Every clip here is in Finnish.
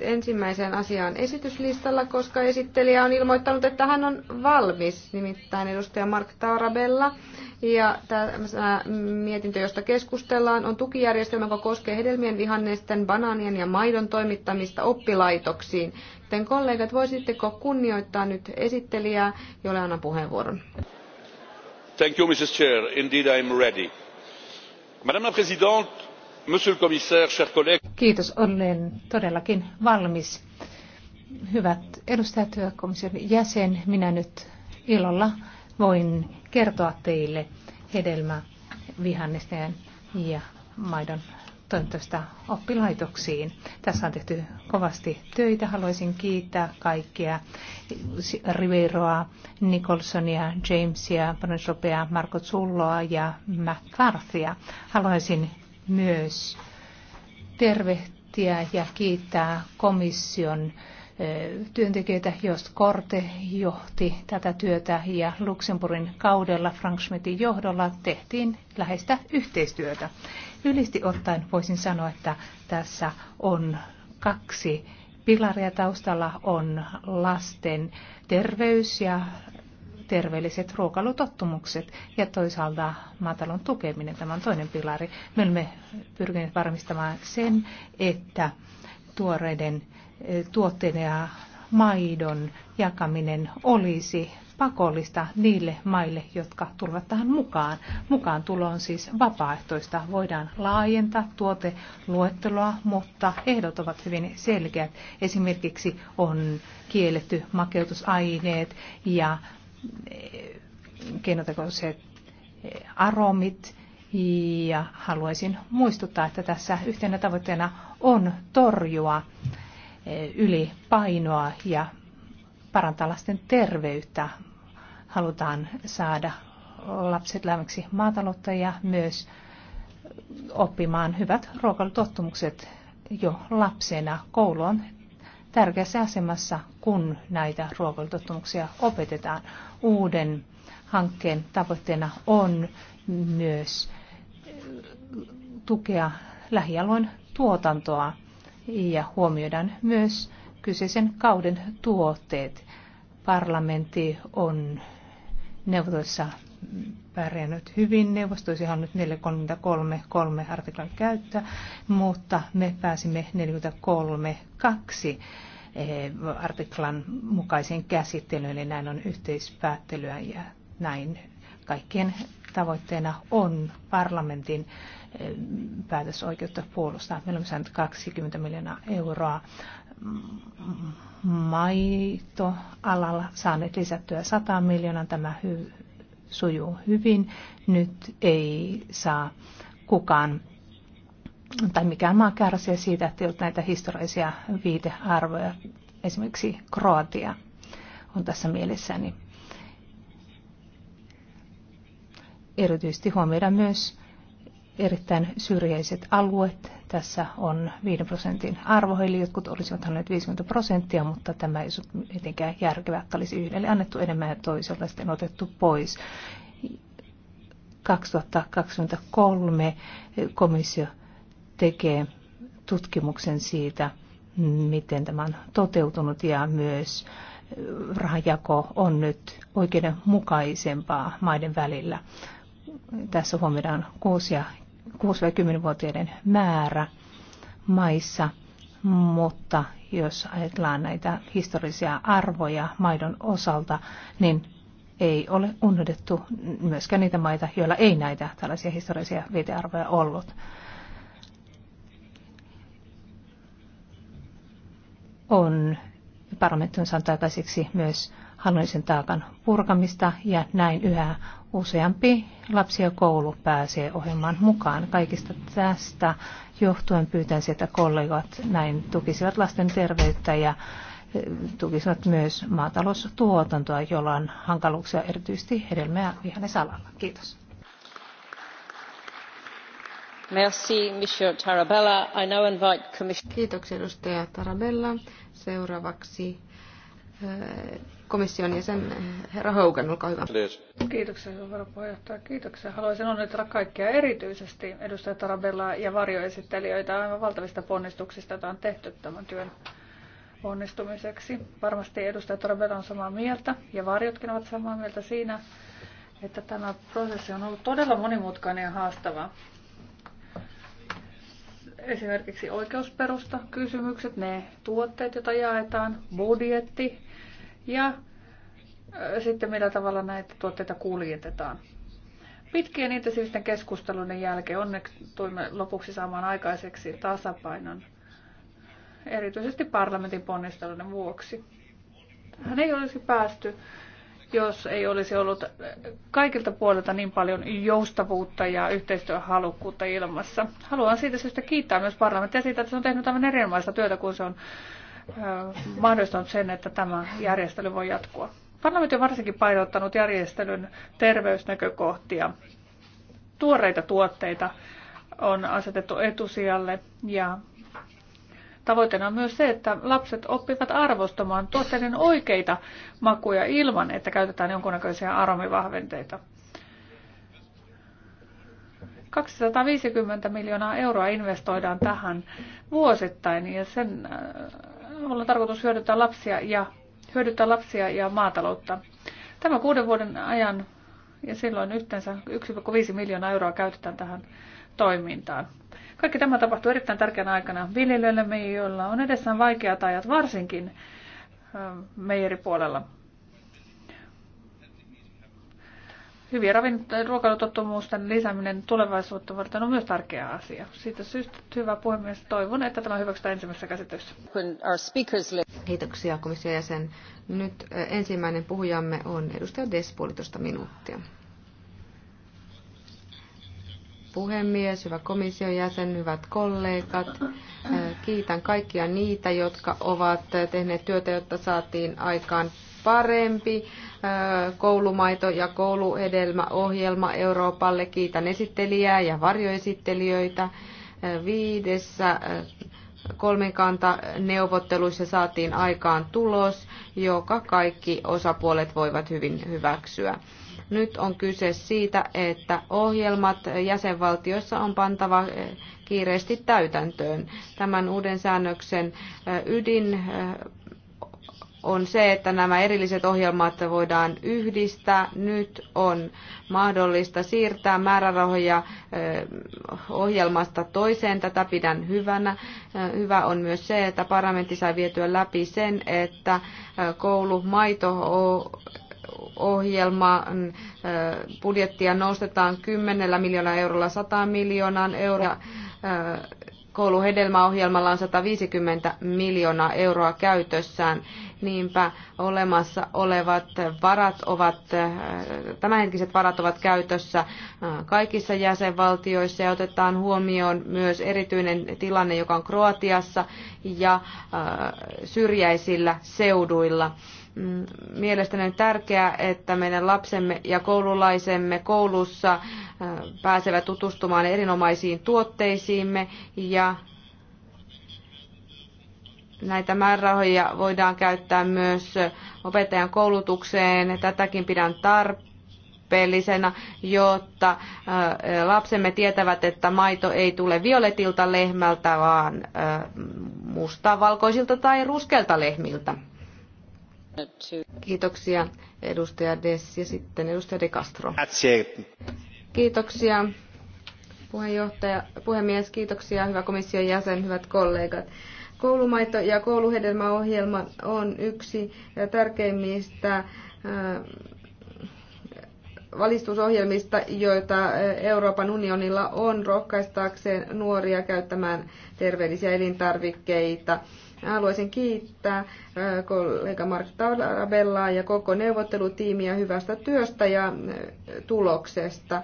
ensimmäiseen asiaan esityslistalla, koska esittelijä on ilmoittanut, että hän on valmis, nimittäin edustaja Mark Tarabella. Ja tämä mietintö, josta keskustellaan, on tukijärjestelmä, joka koskee hedelmien, vihannesten, banaanien ja maidon toimittamista oppilaitoksiin. Joten kollegat, voisitteko kunnioittaa nyt esittelijää, jolle annan puheenvuoron? Thank you, Mrs. Chair. Indeed, I'm ready. Madame la Présidente, Kiitos, olen todellakin valmis. Hyvät edustajat, hyvä komission jäsen, minä nyt ilolla voin kertoa teille hedelmä ja maidon toimintoista oppilaitoksiin. Tässä on tehty kovasti töitä. Haluaisin kiittää kaikkia Riveroa, Nicholsonia, Jamesia, Bonnesopea, Marko Zulloa ja McCarthyä. Haluaisin myös tervehtiä ja kiittää komission työntekijöitä, joista Korte johti tätä työtä ja Luxemburgin kaudella Frank Schmidtin johdolla tehtiin läheistä yhteistyötä. Ylisti ottaen voisin sanoa, että tässä on kaksi pilaria taustalla on lasten terveys ja terveelliset ruokailutottumukset ja toisaalta maatalon tukeminen. Tämä on toinen pilari. Me olemme pyrkineet varmistamaan sen, että tuoreiden e, tuotteiden ja maidon jakaminen olisi pakollista niille maille, jotka tulevat tähän mukaan. Mukaan tulo on siis vapaaehtoista. Voidaan laajentaa tuoteluetteloa, mutta ehdot ovat hyvin selkeät. Esimerkiksi on kielletty makeutusaineet ja keinotekoiset aromit ja haluaisin muistuttaa, että tässä yhtenä tavoitteena on torjua eh, ylipainoa ja parantaa lasten terveyttä. Halutaan saada lapset lämmiksi maataloutta ja myös oppimaan hyvät ruokailutottumukset jo lapsena. Koulu on tärkeässä asemassa, kun näitä ruokailutottumuksia opetetaan. Uuden hankkeen tavoitteena on myös tukea lähialueen tuotantoa ja huomioidaan myös kyseisen kauden tuotteet. Parlamentti on neuvotossa pärjännyt hyvin. Neuvostoisi on nyt 433 artiklan käyttöä, mutta me pääsimme 43.2 eh, artiklan mukaisen käsittelyyn, eli näin on yhteispäättelyä ja näin kaikkien tavoitteena on parlamentin eh, päätösoikeutta puolustaa. Meillä on saanut 20 miljoonaa euroa maitoalalla saaneet lisättyä 100 miljoonaa. Tämä hy- sujuu hyvin. Nyt ei saa kukaan tai mikään maa kärsiä siitä, että ei ollut näitä historiallisia viitearvoja. Esimerkiksi Kroatia on tässä mielessäni. Erityisesti huomioida myös erittäin syrjäiset alueet. Tässä on 5 prosentin arvo, eli jotkut olisivat halunneet 50 prosenttia, mutta tämä ei ole mitenkään järkevää, että olisi yhdelle annettu enemmän ja toisella sitten otettu pois. 2023 komissio tekee tutkimuksen siitä, miten tämä on toteutunut ja myös rahajako on nyt oikeudenmukaisempaa maiden välillä. Tässä huomioidaan kuusia 6-10-vuotiaiden määrä maissa, mutta jos ajatellaan näitä historisia arvoja maidon osalta, niin ei ole unohdettu myöskään niitä maita, joilla ei näitä tällaisia historiallisia viitearvoja ollut. On parlamentti on saanut aikaiseksi myös hallinnollisen taakan purkamista ja näin yhä useampi lapsi ja koulu pääsee ohjelmaan mukaan. Kaikista tästä johtuen pyytän sieltä kollegat näin tukisivat lasten terveyttä ja eh, tukisivat myös maataloustuotantoa, jolla on hankaluuksia erityisesti hedelmää ja vihannesalalla. Kiitos. Merci, Monsieur Tarabella. I now invite Kiitoksia, edustaja Tarabella. Seuraavaksi komission jäsen herra Hogan, olkaa hyvä. Kiitoksia, herra puheenjohtaja. Kiitoksia. Haluaisin onnitella kaikkia erityisesti edustaja Tarabellaa ja varjoesittelijöitä aivan valtavista ponnistuksista, joita on tehty tämän työn onnistumiseksi. Varmasti edustaja Tarabella on samaa mieltä ja varjotkin ovat samaa mieltä siinä, että tämä prosessi on ollut todella monimutkainen ja haastava. Esimerkiksi oikeusperusta, kysymykset, ne tuotteet, joita jaetaan, budjetti, ja sitten millä tavalla näitä tuotteita kuljetetaan. Pitkien intensiivisten keskustelujen jälkeen onneksi tuimme lopuksi saamaan aikaiseksi tasapainon, erityisesti parlamentin ponnisteluiden vuoksi. Hän ei olisi päästy, jos ei olisi ollut kaikilta puolilta niin paljon joustavuutta ja yhteistyöhalukkuutta ilmassa. Haluan siitä syystä kiittää myös parlamenttia siitä, että se on tehnyt aivan erinomaista työtä, kun se on mahdollistanut sen, että tämä järjestely voi jatkua. Parlamentti on varsinkin painottanut järjestelyn terveysnäkökohtia. Tuoreita tuotteita on asetettu etusijalle ja tavoitteena on myös se, että lapset oppivat arvostamaan tuotteiden oikeita makuja ilman, että käytetään jonkunnäköisiä aromivahventeita. 250 miljoonaa euroa investoidaan tähän vuosittain ja sen jolla on tarkoitus hyödyttää lapsia ja, hyödyttää lapsia ja maataloutta. Tämä kuuden vuoden ajan ja silloin yhteensä 1,5 miljoonaa euroa käytetään tähän toimintaan. Kaikki tämä tapahtuu erittäin tärkeänä aikana viljelijöillemme, joilla on edessään vaikeat ajat, varsinkin meijeripuolella. hyvien ravin- ruokailutottumusten lisääminen tulevaisuutta varten on myös tärkeä asia. Siitä syystä, hyvä puhemies, toivon, että tämä hyväksytään ensimmäisessä käsittelyssä. Kiitoksia komission jäsen. Nyt ensimmäinen puhujamme on edustaja Des puolitoista minuuttia. Puhemies, hyvä komission jäsen, hyvät kollegat. Kiitän kaikkia niitä, jotka ovat tehneet työtä, jotta saatiin aikaan parempi koulumaito- ja kouluhedelmäohjelma Euroopalle. Kiitän esittelijää ja varjoesittelijöitä. Viidessä kolmikanta neuvotteluissa saatiin aikaan tulos, joka kaikki osapuolet voivat hyvin hyväksyä. Nyt on kyse siitä, että ohjelmat jäsenvaltioissa on pantava kiireesti täytäntöön. Tämän uuden säännöksen ydin on se, että nämä erilliset ohjelmat voidaan yhdistää. Nyt on mahdollista siirtää määrärahoja ohjelmasta toiseen. Tätä pidän hyvänä. Hyvä on myös se, että parlamentti sai vietyä läpi sen, että maito ohjelman budjettia nostetaan 10 miljoonaa eurolla 100 miljoonaan euroa. Kouluhedelmäohjelmalla on 150 miljoonaa euroa käytössään niinpä olemassa olevat varat ovat, tämänhetkiset varat ovat käytössä kaikissa jäsenvaltioissa ja otetaan huomioon myös erityinen tilanne, joka on Kroatiassa ja syrjäisillä seuduilla mm, mielestäni on tärkeää, että meidän lapsemme ja koululaisemme koulussa pääsevät tutustumaan erinomaisiin tuotteisiimme ja näitä määrärahoja voidaan käyttää myös opettajan koulutukseen. Tätäkin pidän tarpeellisena, jotta lapsemme tietävät, että maito ei tule violetilta lehmältä, vaan mustavalkoisilta tai ruskelta lehmiltä. Kiitoksia edustaja Dess ja sitten edustaja De Castro. Kiitoksia puheenjohtaja, puhemies, kiitoksia hyvä komission jäsen, hyvät kollegat. Koulumaito- ja kouluhedelmäohjelma on yksi tärkeimmistä äh, valistusohjelmista, joita äh, Euroopan unionilla on rohkaistaakseen nuoria käyttämään terveellisiä elintarvikkeita. Haluaisin kiittää äh, kollega Mark Tarabellaa ja koko neuvottelutiimiä hyvästä työstä ja tuloksesta.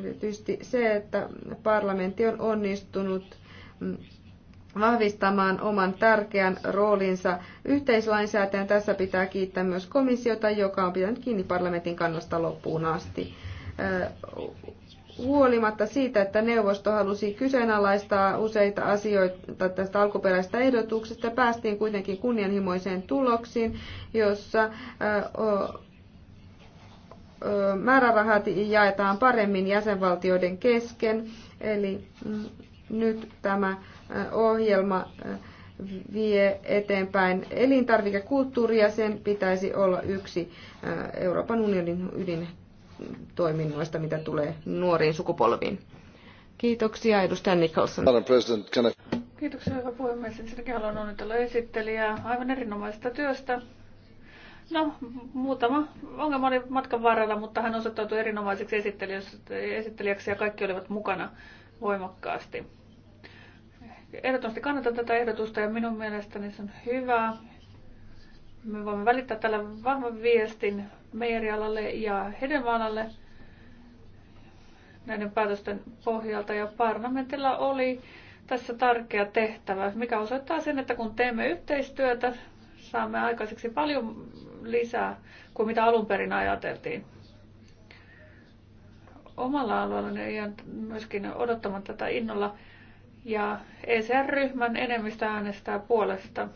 Erityisesti se, että parlamentti on onnistunut mm, vahvistamaan oman tärkeän roolinsa yhteislainsäätäjän. Tässä pitää kiittää myös komissiota, joka on pitänyt kiinni parlamentin kannasta loppuun asti. Huolimatta siitä, että neuvosto halusi kyseenalaistaa useita asioita tästä alkuperäisestä ehdotuksesta, päästiin kuitenkin kunnianhimoiseen tuloksiin, jossa määrärahat jaetaan paremmin jäsenvaltioiden kesken. Eli mm, nyt tämä ohjelma äh, vie eteenpäin elintarvikekulttuuria, sen pitäisi olla yksi äh, Euroopan unionin ydintoiminnoista, mitä tulee nuoriin sukupolviin. Kiitoksia, edustaja Nicholson. Kiitoksia, hyvä puhemies. Ensinnäkin haluan onnitella esittelijää aivan erinomaisesta työstä. No, muutama ongelma oli matkan varrella, mutta hän osoittautui erinomaiseksi esittelijäksi ja kaikki olivat mukana voimakkaasti ehdottomasti kannatan tätä ehdotusta ja minun mielestäni se on hyvä. Me voimme välittää tällä vahvan viestin meijerialalle ja hedelmäalalle näiden päätösten pohjalta ja parlamentilla oli tässä tärkeä tehtävä, mikä osoittaa sen, että kun teemme yhteistyötä, saamme aikaiseksi paljon lisää kuin mitä alun perin ajateltiin. Omalla alueellani ja myöskin odottamaan tätä innolla ja ECR-ryhmän enemmistö äänestää puolesta.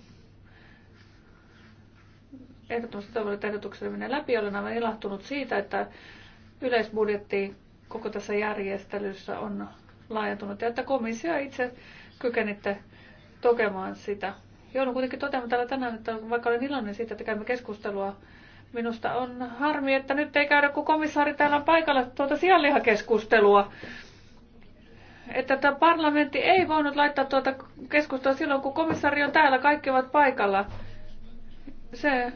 Ehdottomasti toivon, että ehdotukselle menee läpi. Olen aivan ilahtunut siitä, että yleisbudjetti koko tässä järjestelyssä on laajentunut ja että komissio itse kykenitte tokemaan sitä. Joudun kuitenkin toteamaan täällä tänään, että vaikka olen iloinen siitä, että käymme keskustelua, minusta on harmi, että nyt ei käydä, kun komissaari täällä on paikalla tuota sianlihakeskustelua. keskustelua että tämä parlamentti ei voinut laittaa tuota keskustelua silloin, kun komissaari on täällä, kaikki ovat paikalla. Se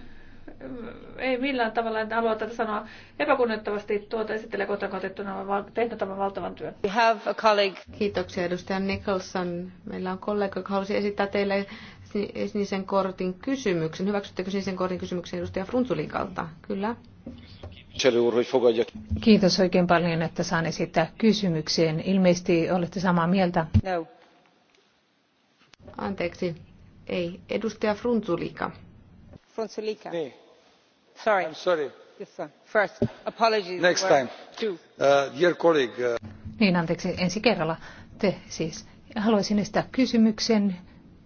mm, ei millään tavalla en halua tätä sanoa epäkunnioittavasti tuota esittelee kohtaan kotettuna vaan tehnyt tämän valtavan työn. We have a colleague. Kiitoksia edustaja Nicholson. Meillä on kollega, joka halusi esittää teille sinisen kortin kysymyksen. Hyväksyttekö sinisen kortin kysymyksen edustaja Frunzulinkalta? Kyllä. Kiitos oikein paljon, että saan esittää kysymykseen. Ilmeisesti olette samaa mieltä. No. Anteeksi. Ei. Edustaja Frunzulika. Frunzulika. Niin. Sorry. I'm sorry. Yes, sir. First, apologies. Next time. Uh, dear colleague. Uh... Niin, anteeksi. Ensi kerralla. Te siis. Haluaisin esittää kysymyksen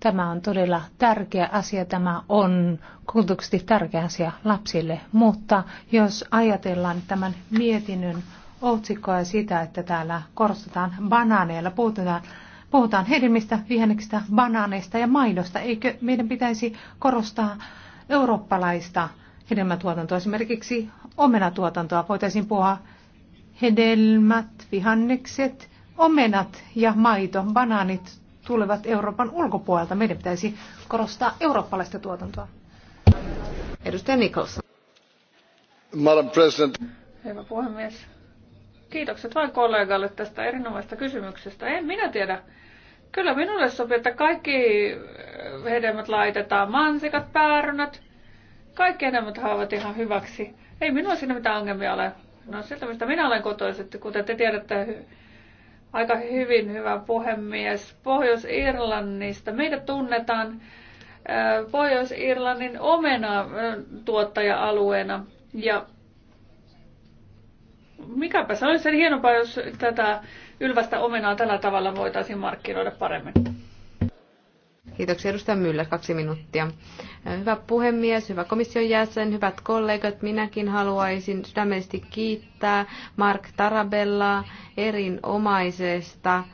Tämä on todella tärkeä asia, tämä on koulutuksellisesti tärkeä asia lapsille, mutta jos ajatellaan tämän mietinnön otsikkoa ja sitä, että täällä korostetaan banaaneilla, puhutaan, puhutaan hedelmistä, vihanneksista, banaaneista ja maidosta, eikö meidän pitäisi korostaa eurooppalaista hedelmätuotantoa, esimerkiksi omenatuotantoa, voitaisiin puhua hedelmät, vihannekset, omenat ja maito, banaanit tulevat Euroopan ulkopuolelta. Meidän pitäisi korostaa eurooppalaista tuotantoa. Edustaja Nicholson. Madam President. Hyvä puhemies. Kiitokset vain kollegalle tästä erinomaisesta kysymyksestä. En minä tiedä. Kyllä minulle sopii, että kaikki hedelmät laitetaan, mansikat, päärynät, kaikki hedelmät haavat ihan hyväksi. Ei minulla siinä mitään ongelmia ole. No siltä mistä minä olen kotoisin, kuten te tiedätte aika hyvin, hyvä puhemies. Pohjois-Irlannista. Meitä tunnetaan Pohjois-Irlannin tuottaja alueena Ja mikäpä se olisi sen hienompaa, jos tätä ylvästä omenaa tällä tavalla voitaisiin markkinoida paremmin. Kiitoksia edustaja Myllä, kaksi minuuttia. Hyvä puhemies, hyvä komission jäsen, hyvät kollegat, minäkin haluaisin sydämellisesti kiittää Mark Tarabella erinomaisesta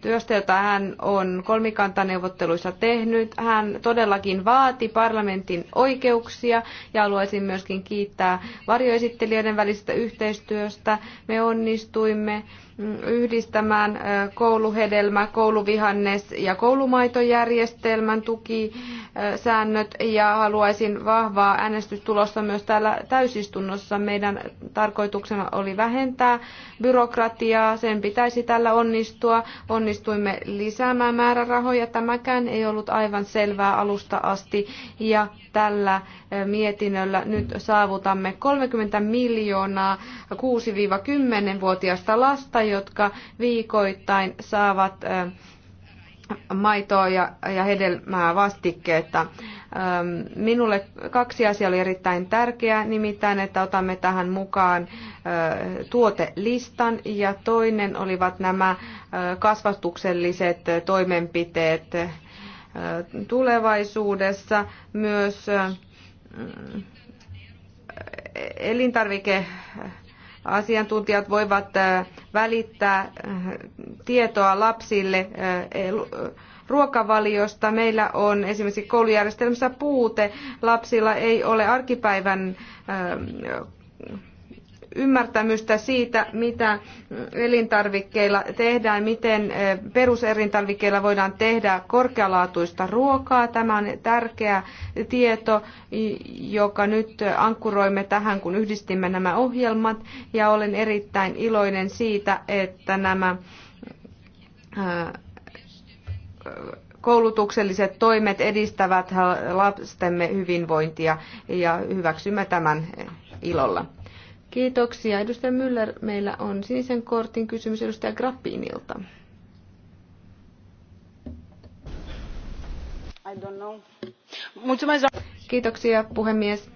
työstä, jota hän on kolmikantaneuvotteluissa tehnyt. Hän todellakin vaati parlamentin oikeuksia ja haluaisin myöskin kiittää varjoesittelijöiden välisestä yhteistyöstä. Me onnistuimme mm, yhdistämään kouluhedelmä, kouluvihannes ja koulumaitojärjestelmän tukisäännöt ja haluaisin vahvaa äänestystulosta myös täällä täysistunnossa. Meidän tarkoituksena oli vähentää byrokratiaa, sen pitäisi tällä onnistua Onnistuimme lisäämään määrärahoja. Tämäkään ei ollut aivan selvää alusta asti ja tällä eh, mietinnöllä nyt saavutamme 30 miljoonaa 6-10-vuotiaista lasta, jotka viikoittain saavat eh, maitoa ja, ja hedelmää vastikkeetta. Ähm, minulle kaksi asiaa oli erittäin tärkeää, nimittäin, että otamme tähän mukaan äh, tuotelistan ja toinen olivat nämä äh, kasvatukselliset toimenpiteet äh, tulevaisuudessa. Myös elintarvike asiantuntijat voivat välittää tietoa lapsille ruokavaliosta. Meillä on esimerkiksi koulujärjestelmässä puute. Lapsilla ei ole arkipäivän ähm, ymmärtämystä siitä, mitä elintarvikkeilla tehdään, miten äh, peruselintarvikkeilla voidaan tehdä korkealaatuista ruokaa. Tämä on tärkeä tieto, joka nyt ankkuroimme tähän, kun yhdistimme nämä ohjelmat. Ja olen erittäin iloinen siitä, että nämä äh, koulutukselliset toimet edistävät lastemme hyvinvointia ja hyväksymme tämän ilolla. Kiitoksia. Edustaja Müller, meillä on sinisen kortin kysymys edustaja Grappinilta. Kiitoksia puhemies.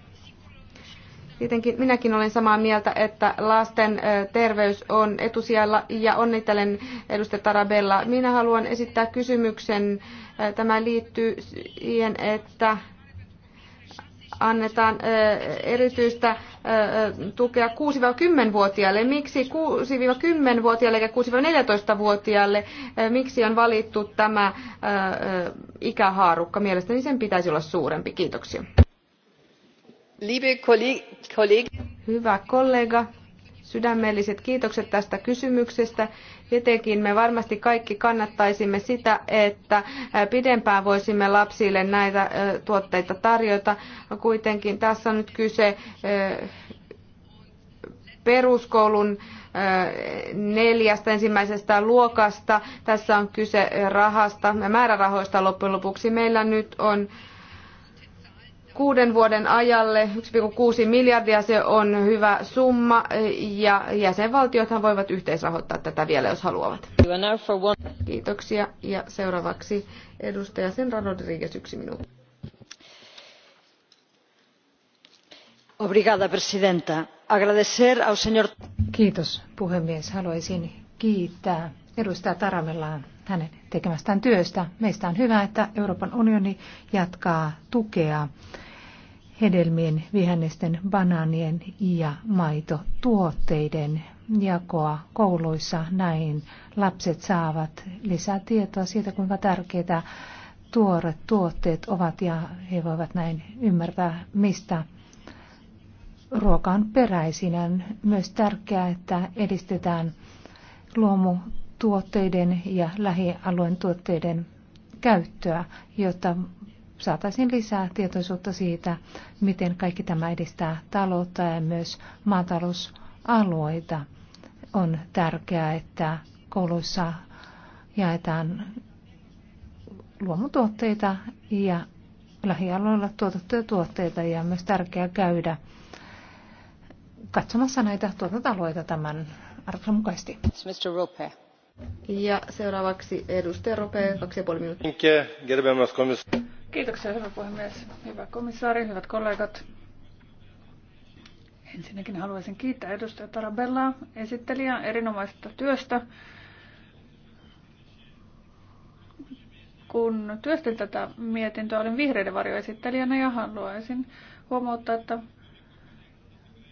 Tietenkin minäkin olen samaa mieltä, että lasten terveys on etusijalla ja onnittelen edustaja Tarabella. Minä haluan esittää kysymyksen. Tämä liittyy siihen, että annetaan erityistä tukea 6-10-vuotiaille. Miksi 6-10-vuotiaille eikä 6-14-vuotiaille? Miksi on valittu tämä ikähaarukka? Mielestäni sen pitäisi olla suurempi. Kiitoksia. Hyvä kollega, sydämelliset kiitokset tästä kysymyksestä. Tietenkin me varmasti kaikki kannattaisimme sitä, että pidempään voisimme lapsille näitä tuotteita tarjota. Kuitenkin tässä on nyt kyse peruskoulun neljästä ensimmäisestä luokasta. Tässä on kyse rahasta ja määrärahoista loppujen lopuksi. Meillä nyt on kuuden vuoden ajalle 1,6 miljardia. Se on hyvä summa ja jäsenvaltiothan voivat yhteisrahoittaa tätä vielä, jos haluavat. Kiitoksia ja seuraavaksi edustaja Senra Rodriguez yksi minuutti. Obrigada, presidenta. Agradecer señor... Kiitos puhemies. Haluaisin kiittää edustaja Taramellaan hänen tekemästään työstä. Meistä on hyvä, että Euroopan unioni jatkaa tukea hedelmien, vihannesten, banaanien ja maitotuotteiden jakoa kouluissa. Näin lapset saavat lisää tietoa siitä, kuinka tärkeitä tuoret tuotteet ovat ja he voivat näin ymmärtää, mistä ruoka on peräisin. On myös tärkeää, että edistetään luomutuotteiden ja lähialueen tuotteiden käyttöä, jotta saataisiin lisää tietoisuutta siitä, miten kaikki tämä edistää taloutta ja myös maatalousalueita. On tärkeää, että kouluissa jaetaan luomutuotteita ja lähialueilla tuotettuja tuotteita ja on myös tärkeää käydä katsomassa näitä tuotantoalueita tämän arvon mukaisesti. Mr. Rope. Ja seuraavaksi edustaja Rope, kaksi ja puoli minuuttia. Kiitoksia, hyvä puhemies, hyvä komissaari, hyvät kollegat. Ensinnäkin haluaisin kiittää edustaja Tarabellaa, esittelijää, erinomaisesta työstä. Kun työstin tätä mietintöä, olin vihreiden varjoesittelijänä ja haluaisin huomauttaa, että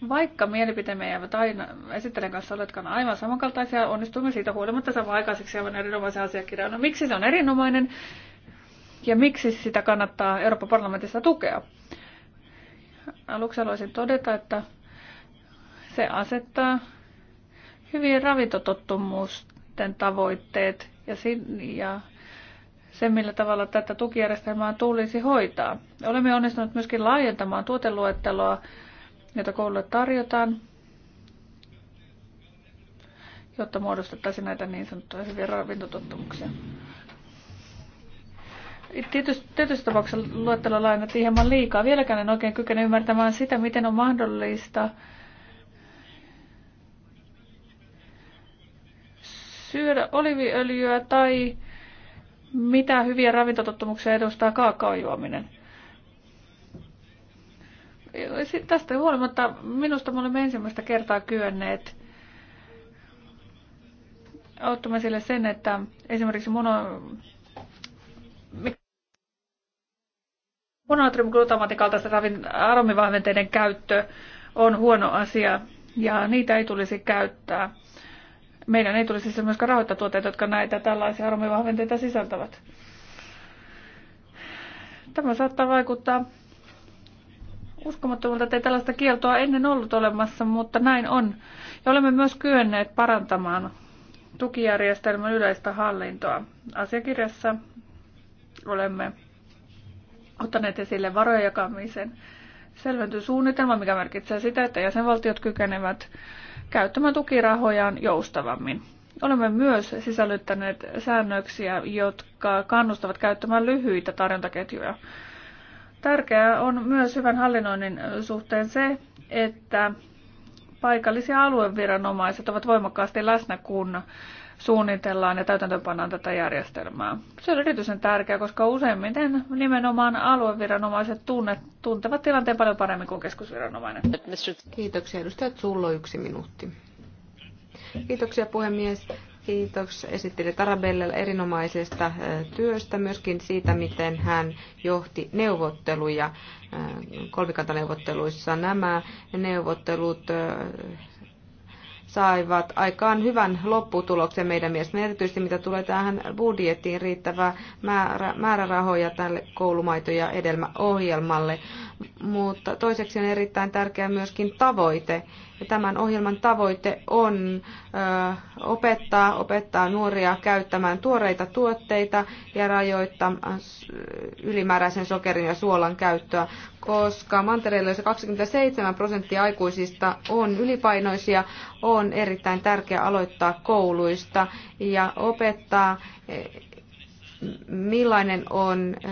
vaikka mielipiteemme eivät aina esittelen kanssa oletkaan aivan samankaltaisia, onnistumme siitä huolimatta saamaan aikaiseksi aivan erinomaisen asiakirjan. No miksi se on erinomainen? ja miksi sitä kannattaa Euroopan parlamentissa tukea. Aluksi haluaisin todeta, että se asettaa hyvin ravintotottumusten tavoitteet ja, sin- ja se, millä tavalla tätä tukijärjestelmää tulisi hoitaa. Olemme onnistuneet myöskin laajentamaan tuoteluetteloa, jota koululle tarjotaan, jotta muodostettaisiin näitä niin sanottuja hyviä ravintotottumuksia tietyssä tapauksessa luettelo lainattiin hieman liikaa. Vieläkään en oikein kykene ymmärtämään sitä, miten on mahdollista syödä oliviöljyä tai mitä hyviä ravintotottumuksia edustaa kaakaojuominen. Siis tästä huolimatta minusta me olemme ensimmäistä kertaa kyenneet ottamaan sille sen, että esimerkiksi mono, monoatriumglutamatin ravin aromivahventeiden käyttö on huono asia ja niitä ei tulisi käyttää. Meidän ei tulisi siis myöskään rahoittaa tuotteita, jotka näitä tällaisia aromivahventeita sisältävät. Tämä saattaa vaikuttaa uskomattomalta, että ei tällaista kieltoa ennen ollut olemassa, mutta näin on. Ja olemme myös kyenneet parantamaan tukijärjestelmän yleistä hallintoa. Asiakirjassa olemme ottaneet esille varojen jakamisen selventysuunnitelma, mikä merkitsee sitä, että jäsenvaltiot kykenevät käyttämään tukirahojaan joustavammin. Olemme myös sisällyttäneet säännöksiä, jotka kannustavat käyttämään lyhyitä tarjontaketjuja. Tärkeää on myös hyvän hallinnoinnin suhteen se, että paikallisia alueviranomaiset ovat voimakkaasti läsnä, kun suunnitellaan ja täytäntöpannaan tätä järjestelmää. Se on erityisen tärkeää, koska useimmiten nimenomaan alueviranomaiset tunne, tuntevat tilanteen paljon paremmin kuin keskusviranomainen. Kiitoksia. Edustaja Zullo, yksi minuutti. Kiitoksia puhemies. Kiitos esittelijä Tarabellella erinomaisesta työstä, myöskin siitä, miten hän johti neuvotteluja kolmikantaneuvotteluissa. Nämä neuvottelut saivat aikaan hyvän lopputuloksen meidän mielestämme, erityisesti mitä tulee tähän budjettiin riittävää määrä, määrärahoja tälle koulumaito- ja edelmäohjelmalle mutta toiseksi on erittäin tärkeä myöskin tavoite. Ja tämän ohjelman tavoite on opettaa, opettaa nuoria käyttämään tuoreita tuotteita ja rajoittaa ylimääräisen sokerin ja suolan käyttöä, koska mantereilla, jossa 27 prosenttia aikuisista on ylipainoisia, on erittäin tärkeää aloittaa kouluista ja opettaa millainen on eh,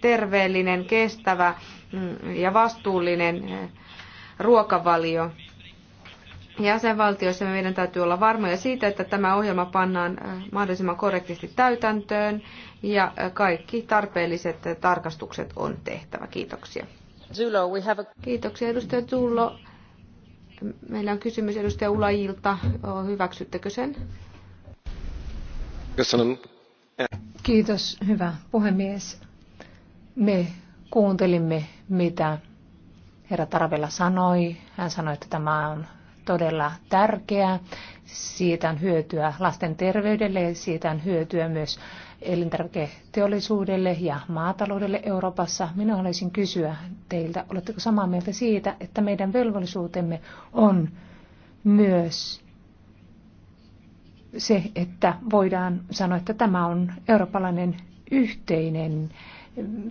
terveellinen, kestävä mm, ja vastuullinen eh, ruokavalio. Jäsenvaltioissa meidän täytyy olla varmoja siitä, että tämä ohjelma pannaan eh, mahdollisimman korrektisti täytäntöön ja kaikki tarpeelliset tarkastukset on tehtävä. Kiitoksia. Zulo, we have a... Kiitoksia edustaja Zullo. Meillä on kysymys edustaja Ulajilta. Hyväksyttekö sen? Kiitos, hyvä puhemies. Me kuuntelimme, mitä herra Tarvella sanoi. Hän sanoi, että tämä on todella tärkeää. Siitä on hyötyä lasten terveydelle ja siitä on hyötyä myös elintarviketeollisuudelle ja maataloudelle Euroopassa. Minä haluaisin kysyä teiltä, oletteko samaa mieltä siitä, että meidän velvollisuutemme on myös se, että voidaan sanoa, että tämä on eurooppalainen yhteinen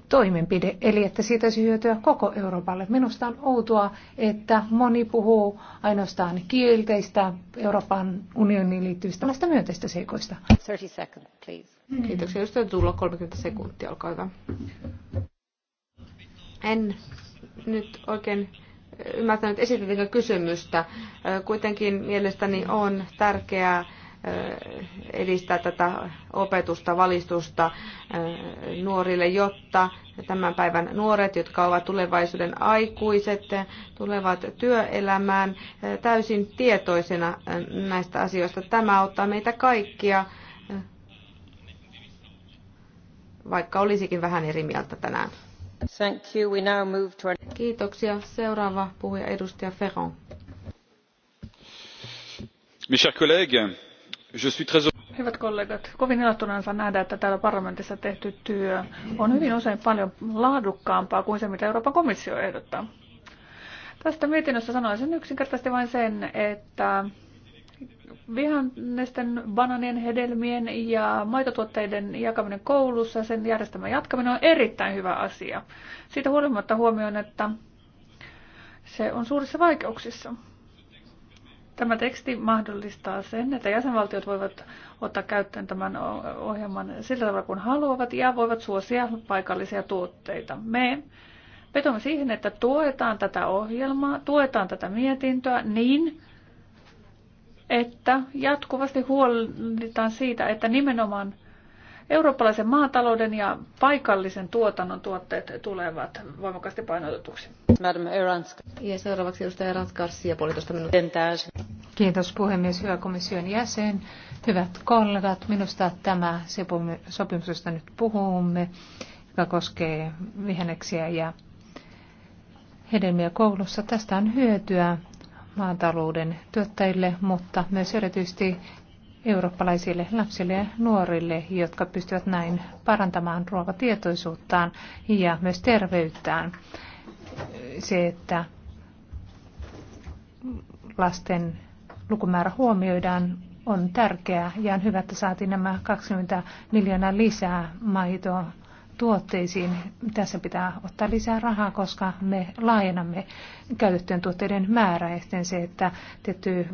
toimenpide, eli että siitä olisi hyötyä koko Euroopalle. Minusta on outoa, että moni puhuu ainoastaan kielteistä Euroopan unionin liittyvistä näistä myönteistä seikoista. 30 seconds, please. Kiitoksia. Jos tulla 30 sekuntia, olkaa hyvä. En nyt oikein ymmärtänyt, esitetäkö kysymystä. Kuitenkin mielestäni on tärkeää edistää tätä opetusta, valistusta nuorille, jotta tämän päivän nuoret, jotka ovat tulevaisuuden aikuiset, tulevat työelämään täysin tietoisena näistä asioista. Tämä auttaa meitä kaikkia, vaikka olisikin vähän eri mieltä tänään. Thank you. We now move to... Kiitoksia. Seuraava puhuja edustaja Ferron. Mes chers collègues, Hyvät kollegat, kovin ilahtuneena saa nähdä, että täällä parlamentissa tehty työ on hyvin usein paljon laadukkaampaa kuin se, mitä Euroopan komissio ehdottaa. Tästä mietinnössä sanoisin yksinkertaisesti vain sen, että vihannesten, bananien, hedelmien ja maitotuotteiden jakaminen koulussa ja sen järjestelmän jatkaminen on erittäin hyvä asia. Siitä huolimatta huomioon, että se on suurissa vaikeuksissa. Tämä teksti mahdollistaa sen, että jäsenvaltiot voivat ottaa käyttöön tämän ohjelman sillä tavalla kuin haluavat ja voivat suosia paikallisia tuotteita. Me vetomme siihen, että tuetaan tätä ohjelmaa, tuetaan tätä mietintöä niin, että jatkuvasti huolehditaan siitä, että nimenomaan Eurooppalaisen maatalouden ja paikallisen tuotannon tuotteet tulevat voimakkaasti painotetuksi. Madam Erans. Ja seuraavaksi edustaja Erans puolitoista minuuttia. Kiitos puhemies, hyvä komission jäsen. Hyvät kollegat, minusta tämä sopimus, josta nyt puhumme, joka koskee viheneksiä ja hedelmiä koulussa. Tästä on hyötyä maatalouden tuottajille, mutta myös erityisesti eurooppalaisille lapsille ja nuorille, jotka pystyvät näin parantamaan ruokatietoisuuttaan ja myös terveyttään. Se, että lasten lukumäärä huomioidaan, on tärkeää ja on hyvä, että saatiin nämä 20 miljoonaa lisää maitoa tuotteisiin. Tässä pitää ottaa lisää rahaa, koska me laajennamme käytettyjen tuotteiden määrää. Ja se, että tietty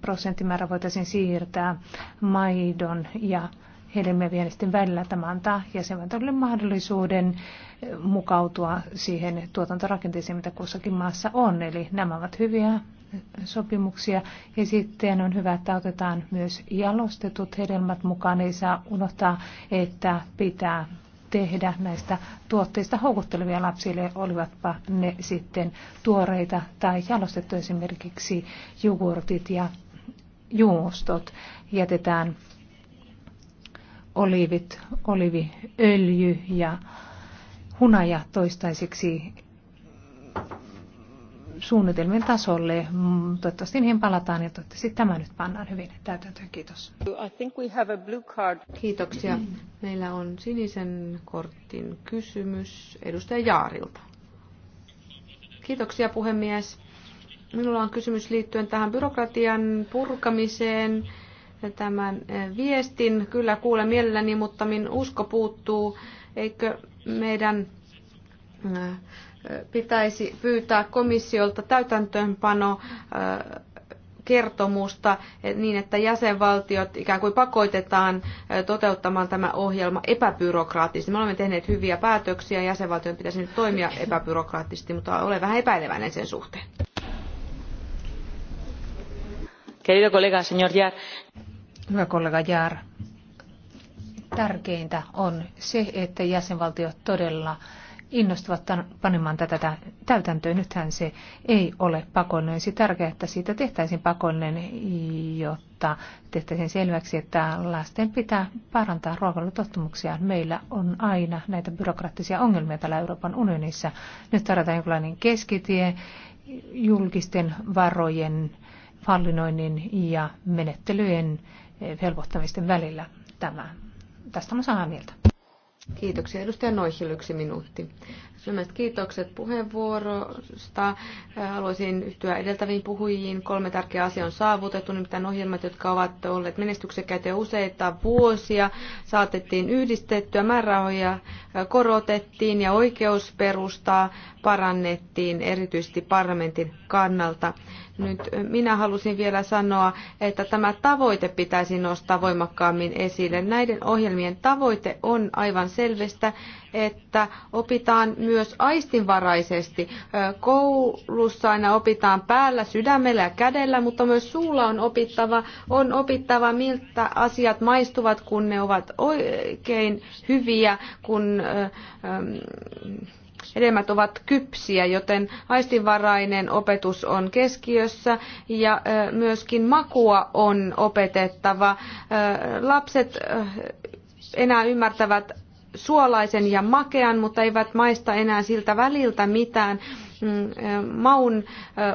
prosenttimäärä voitaisiin siirtää maidon ja hedelmien viennisten välillä. Tämä antaa jäsenvaltioille mahdollisuuden mukautua siihen tuotantorakenteeseen, mitä kussakin maassa on. Eli nämä ovat hyviä sopimuksia. Ja sitten on hyvä, että otetaan myös jalostetut hedelmät mukaan. Ei saa unohtaa, että pitää tehdä näistä tuotteista houkuttelevia lapsille, olivatpa ne sitten tuoreita tai jalostettu esimerkiksi jogurtit ja juustot. Jätetään oliivit, oliviöljy ja hunaja toistaiseksi suunnitelmien tasolle. Mm, toivottavasti niihin palataan ja toivottavasti tämä nyt pannaan hyvin täytäntöön. Kiitos. Kiitoksia. Meillä on sinisen kortin kysymys edustaja Jaarilta. Kiitoksia puhemies. Minulla on kysymys liittyen tähän byrokratian purkamiseen. Tämän eh, viestin kyllä kuulen mielelläni, mutta min usko puuttuu. Eikö meidän eh, pitäisi pyytää komissiolta täytäntöönpano kertomusta eh, niin, että jäsenvaltiot ikään kuin pakotetaan toteuttamaan tämä ohjelma epäbyrokraattisesti. Me olemme tehneet hyviä päätöksiä, jäsenvaltion pitäisi nyt toimia epäbyrokraattisesti, mutta olen vähän epäileväinen sen suhteen. Querido kollega, señor Jaar. Hyvä kollega Jaar. Tärkeintä on se, että jäsenvaltiot todella innostuvat panemaan tätä täytäntöön. Nythän se ei ole pakollinen. Olisi tärkeää, että siitä tehtäisiin pakollinen, jotta tehtäisiin selväksi, että lasten pitää parantaa ruokailutottumuksiaan. Meillä on aina näitä byrokraattisia ongelmia täällä Euroopan unionissa. Nyt tarvitaan jonkinlainen keskitie julkisten varojen hallinnoinnin ja menettelyjen helpottamisten välillä. Tämä, tästä olen samaa mieltä. Kiitoksia. Edustaja Noihil yksi minuutti. Sydämestä kiitokset puheenvuorosta. Haluaisin yhtyä edeltäviin puhujiin. Kolme tärkeää asiaa on saavutettu, nimittäin ohjelmat, jotka ovat olleet menestyksekkäitä jo useita vuosia. Saatettiin yhdistettyä, määrärahoja korotettiin ja oikeusperustaa parannettiin erityisesti parlamentin kannalta nyt. Minä halusin vielä sanoa, että tämä tavoite pitäisi nostaa voimakkaammin esille. Näiden ohjelmien tavoite on aivan selvästä, että opitaan myös aistinvaraisesti. Koulussa aina opitaan päällä, sydämellä ja kädellä, mutta myös suulla on opittava, on opittava miltä asiat maistuvat, kun ne ovat oikein hyviä, kun hedelmät ovat kypsiä, joten aistinvarainen opetus on keskiössä ja myöskin makua on opetettava. Lapset enää ymmärtävät suolaisen ja makean, mutta eivät maista enää siltä väliltä mitään. Mm, maun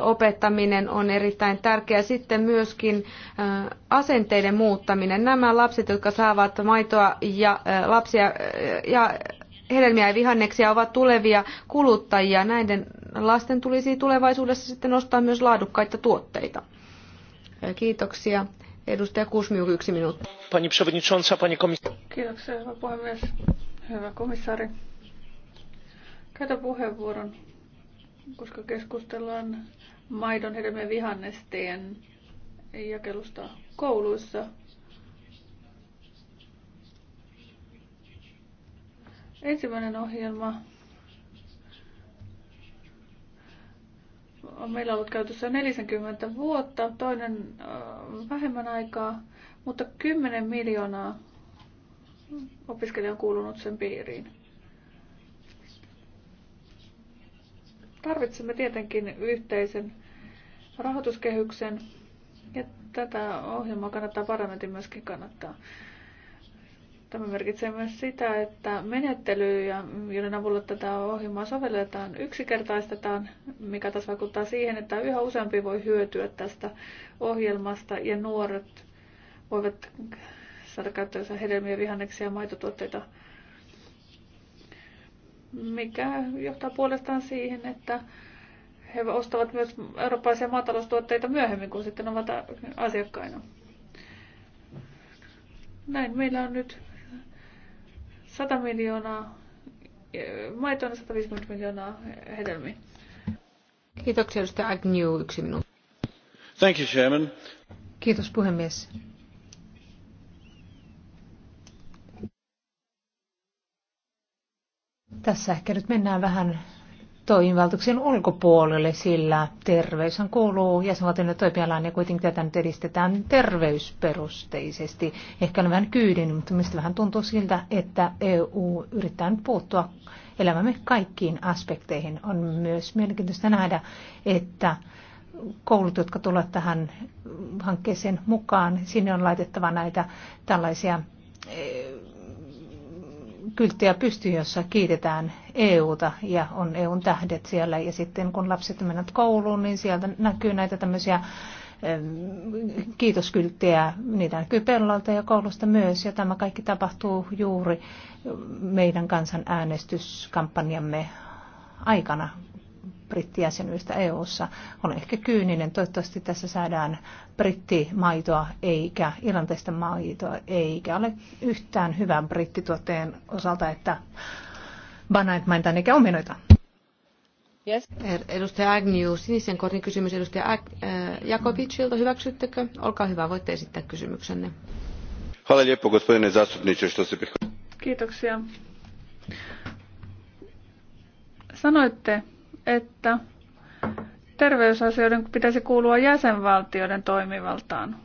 opettaminen on erittäin tärkeää. Sitten myöskin asenteiden muuttaminen. Nämä lapset, jotka saavat maitoa ja, lapsia, ja hedelmiä ja vihanneksia ovat tulevia kuluttajia. Näiden lasten tulisi tulevaisuudessa sitten ostaa myös laadukkaita tuotteita. Kiitoksia. Edustaja Kusmiuk, yksi minuutti. Pani przewodnicząca, pani komissaari. Kiitoksia, hyvä puhemies. Hyvä komissaari. Käytä puheenvuoron, koska keskustellaan maidon, hedelmien, vihannesteen jakelusta kouluissa Ensimmäinen ohjelma on meillä ollut käytössä 40 vuotta, toinen äh, vähemmän aikaa, mutta 10 miljoonaa opiskelija on kuulunut sen piiriin. Tarvitsemme tietenkin yhteisen rahoituskehyksen ja tätä ohjelmaa kannattaa parlamentin myöskin kannattaa. Tämä merkitsee myös sitä, että menettelyjä, joiden avulla tätä ohjelmaa sovelletaan, yksinkertaistetaan, mikä taas vaikuttaa siihen, että yhä useampi voi hyötyä tästä ohjelmasta ja nuoret voivat saada käyttöönsä hedelmiä, vihanneksia ja maitotuotteita, mikä johtaa puolestaan siihen, että he ostavat myös eurooppalaisia maataloustuotteita myöhemmin, kun sitten ovat asiakkaina näin meillä on nyt 100 miljoonaa, eh, on 150 miljoonaa eh, hedelmiä. Kiitoksia, edustaja Agnew, yksi minuutti. Thank you, Chairman. Kiitos, puhemies. Tässä ehkä nyt mennään vähän toimivaltuuksien ulkopuolelle, sillä terveys on kuuluu jäsenvaltioiden toimialaan ja kuitenkin tätä nyt edistetään terveysperusteisesti. Ehkä on vähän kyydin, mutta mistä vähän tuntuu siltä, että EU yrittää nyt puuttua elämämme kaikkiin aspekteihin. On myös mielenkiintoista nähdä, että koulut, jotka tulevat tähän hankkeeseen mukaan, sinne on laitettava näitä tällaisia kylttiä pystyy, jossa kiitetään EUta ja on EUn tähdet siellä. Ja sitten kun lapset menevät kouluun, niin sieltä näkyy näitä tämmöisiä kiitoskylttejä, niitä näkyy pellolta ja koulusta myös, ja tämä kaikki tapahtuu juuri meidän kansanäänestyskampanjamme aikana, brittijäsenyydestä EU-ssa. on ehkä kyyninen. Toivottavasti tässä saadaan brittimaitoa eikä irlantaista maitoa, eikä ole yhtään hyvän brittituotteen osalta, että banait mainitaan eikä omenoita. Yes. Edustaja Agnew, sinisen kortin kysymys edustaja Ag, äh, Jakovicilta, hyväksyttekö? Olkaa hyvä, voitte esittää kysymyksenne. Kiitoksia. Sanoitte, että terveysasioiden pitäisi kuulua jäsenvaltioiden toimivaltaan.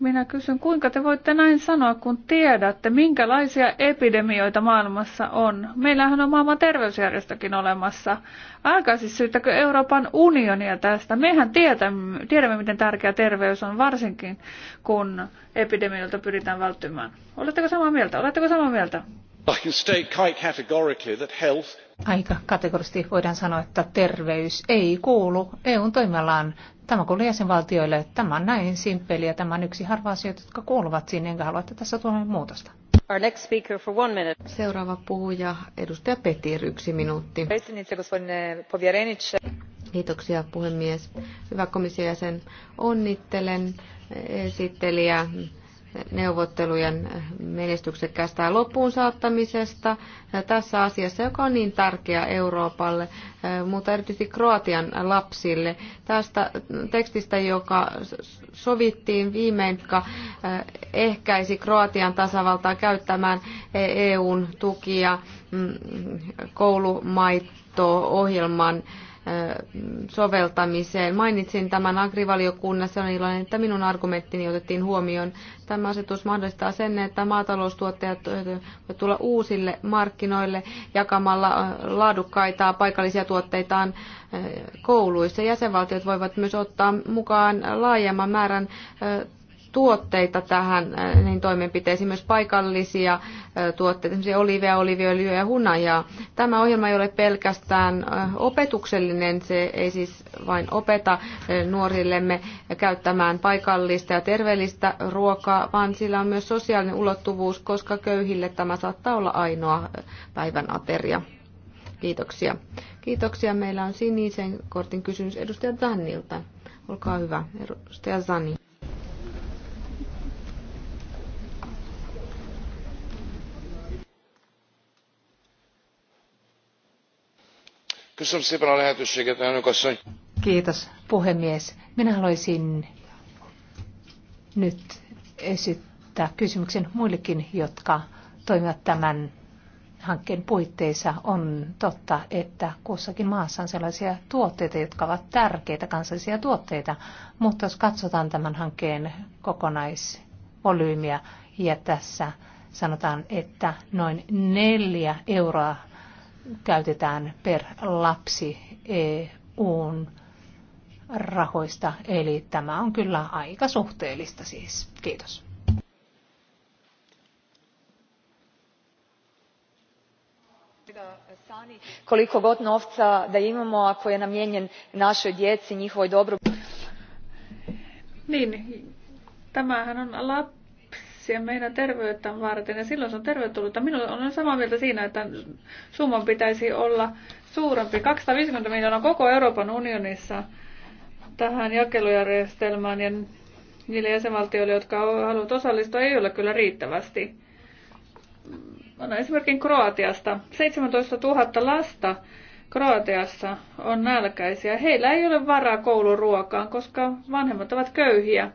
Minä kysyn, kuinka te voitte näin sanoa, kun tiedätte, minkälaisia epidemioita maailmassa on. Meillähän on maailman terveysjärjestökin olemassa. Älkää siis syyttäkö Euroopan unionia tästä. Mehän tiedämme, tiedämme, miten tärkeä terveys on, varsinkin kun epidemioilta pyritään välttymään. Oletteko samaa mieltä? Oletteko samaa mieltä? I can state quite categorically that health aika kategorisesti voidaan sanoa, että terveys ei kuulu EUn toimialaan. Tämä kuuluu jäsenvaltioille. Tämä on näin simppeli ja tämä on yksi harva asioita, jotka kuuluvat sinne, enkä halua, että tässä tulee muutosta. Our next speaker for one minute. Seuraava puhuja, edustaja Petir, yksi minuutti. Kiitoksia puhemies. Hyvä komission jäsen, onnittelen esittelijä neuvottelujen menestyksekkäästä loppuun saattamisesta tässä asiassa, joka on niin tärkeä Euroopalle, mutta erityisesti Kroatian lapsille. Tästä tekstistä, joka sovittiin viimein, joka ehkäisi Kroatian tasavaltaa käyttämään e EUn tukia mm, koulumaitto ohjelman soveltamiseen. Mainitsin tämän agrivaliokunnassa, on iloinen, että minun argumenttini otettiin huomioon. Tämä asetus mahdollistaa sen, että maataloustuottajat voivat tulla uusille markkinoille jakamalla laadukkaita paikallisia tuotteitaan kouluissa. Jäsenvaltiot voivat myös ottaa mukaan laajemman määrän tuotteita tähän niin toimenpiteisiin, myös paikallisia äh, tuotteita, esimerkiksi oliivia, oliiviöljyä ja hunajaa. Tämä ohjelma ei ole pelkästään äh, opetuksellinen, se ei siis vain opeta nuorillemme käyttämään paikallista ja terveellistä ruokaa, vaan sillä on myös sosiaalinen ulottuvuus, koska köyhille tämä saattaa olla ainoa päivän ateria. Kiitoksia. Kiitoksia. Meillä on sinisen kortin kysymys edustaja Zannilta. Olkaa hyvä, edustaja Zani. Kiitos puhemies. Minä haluaisin nyt esittää kysymyksen muillekin, jotka toimivat tämän hankkeen puitteissa. On totta, että kussakin maassa on sellaisia tuotteita, jotka ovat tärkeitä kansallisia tuotteita, mutta jos katsotaan tämän hankkeen kokonaisvolyymiä ja tässä sanotaan, että noin neljä euroa käytetään per lapsi EUn rahoista. Eli tämä on kyllä aika suhteellista siis. Kiitos. koliko god novca da imamo, ako je namijenjen našoj djeci, njihovoj dobro... Niin, tämähän on lapsia meidän terveyttä varten ja silloin se on tervetullutta. Minulla on samaa mieltä siinä, että summan pitäisi olla suurempi. 250 miljoonaa koko Euroopan unionissa tähän jakelujärjestelmään ja niille jäsenvaltioille, jotka haluavat osallistua, ei ole kyllä riittävästi. No, esimerkiksi Kroatiasta. 17 000 lasta Kroatiassa on nälkäisiä. Heillä ei ole varaa kouluruokaan, koska vanhemmat ovat köyhiä.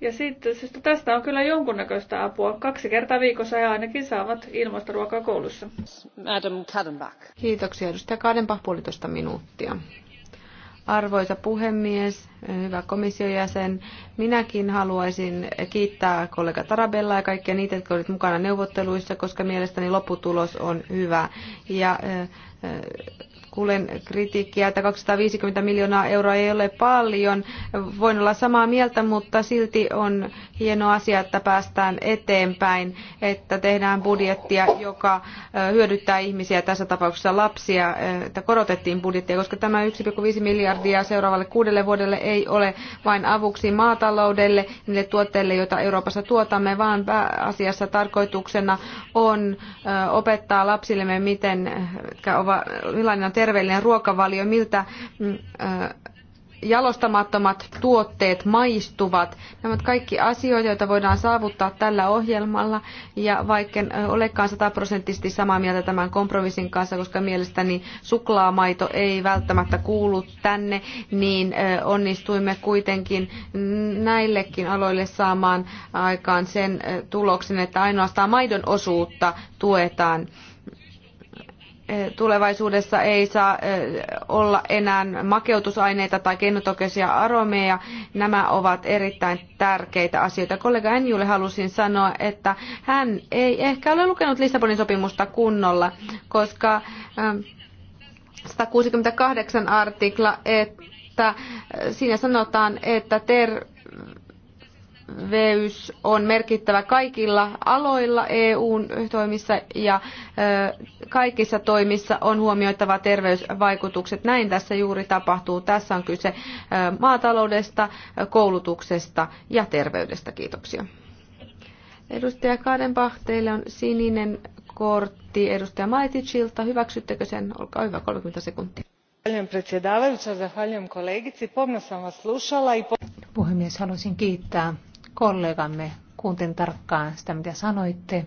Ja sitten siis tästä on kyllä jonkunnäköistä apua. Kaksi kertaa viikossa ja ainakin saavat ilmasta ruokaa koulussa. Madam Kadenbach. Kiitoksia edustaja Kadenbach puolitoista minuuttia. Arvoisa puhemies, hyvä komissiojäsen, minäkin haluaisin kiittää kollega Tarabellaa ja kaikkia niitä, jotka olivat mukana neuvotteluissa, koska mielestäni lopputulos on hyvä. Ja, äh, kuulen kritiikkiä, että 250 miljoonaa euroa ei ole paljon. Voin olla samaa mieltä, mutta silti on hieno asia, että päästään eteenpäin, että tehdään budjettia, joka hyödyttää ihmisiä, tässä tapauksessa lapsia, että korotettiin budjettia, koska tämä 1,5 miljardia seuraavalle kuudelle vuodelle ei ole vain avuksi maataloudelle, niille tuotteille, joita Euroopassa tuotamme, vaan pääasiassa tarkoituksena on opettaa lapsillemme, miten, millainen on terveellinen ruokavalio, miltä mm, jalostamattomat tuotteet maistuvat. Nämä ovat kaikki asioita, joita voidaan saavuttaa tällä ohjelmalla. Ja vaikka olekaan sataprosenttisesti samaa mieltä tämän kompromissin kanssa, koska mielestäni suklaamaito ei välttämättä kuulu tänne, niin onnistuimme kuitenkin näillekin aloille saamaan aikaan sen tuloksen, että ainoastaan maidon osuutta tuetaan tulevaisuudessa ei saa olla enää makeutusaineita tai keinotokeisia aromeja. Nämä ovat erittäin tärkeitä asioita. Kollega Enjulle halusin sanoa, että hän ei ehkä ole lukenut Lissabonin sopimusta kunnolla, koska 168 artikla, että siinä sanotaan, että ter- Terveys on merkittävä kaikilla aloilla EUn toimissa ja kaikissa toimissa on huomioitava terveysvaikutukset. Näin tässä juuri tapahtuu. Tässä on kyse maataloudesta, koulutuksesta ja terveydestä. Kiitoksia. Edustaja Kadenbach, teillä on sininen kortti edustaja Maitichilta. Hyväksyttekö sen? Olkaa hyvä, 30 sekuntia gospođo predsjednice zahvaljujem kolegici pomno sam vas slušala i. puhemies haluaisin kiittää kollegamme. Kuuntelin tarkkaan sitä, mitä sanoitte.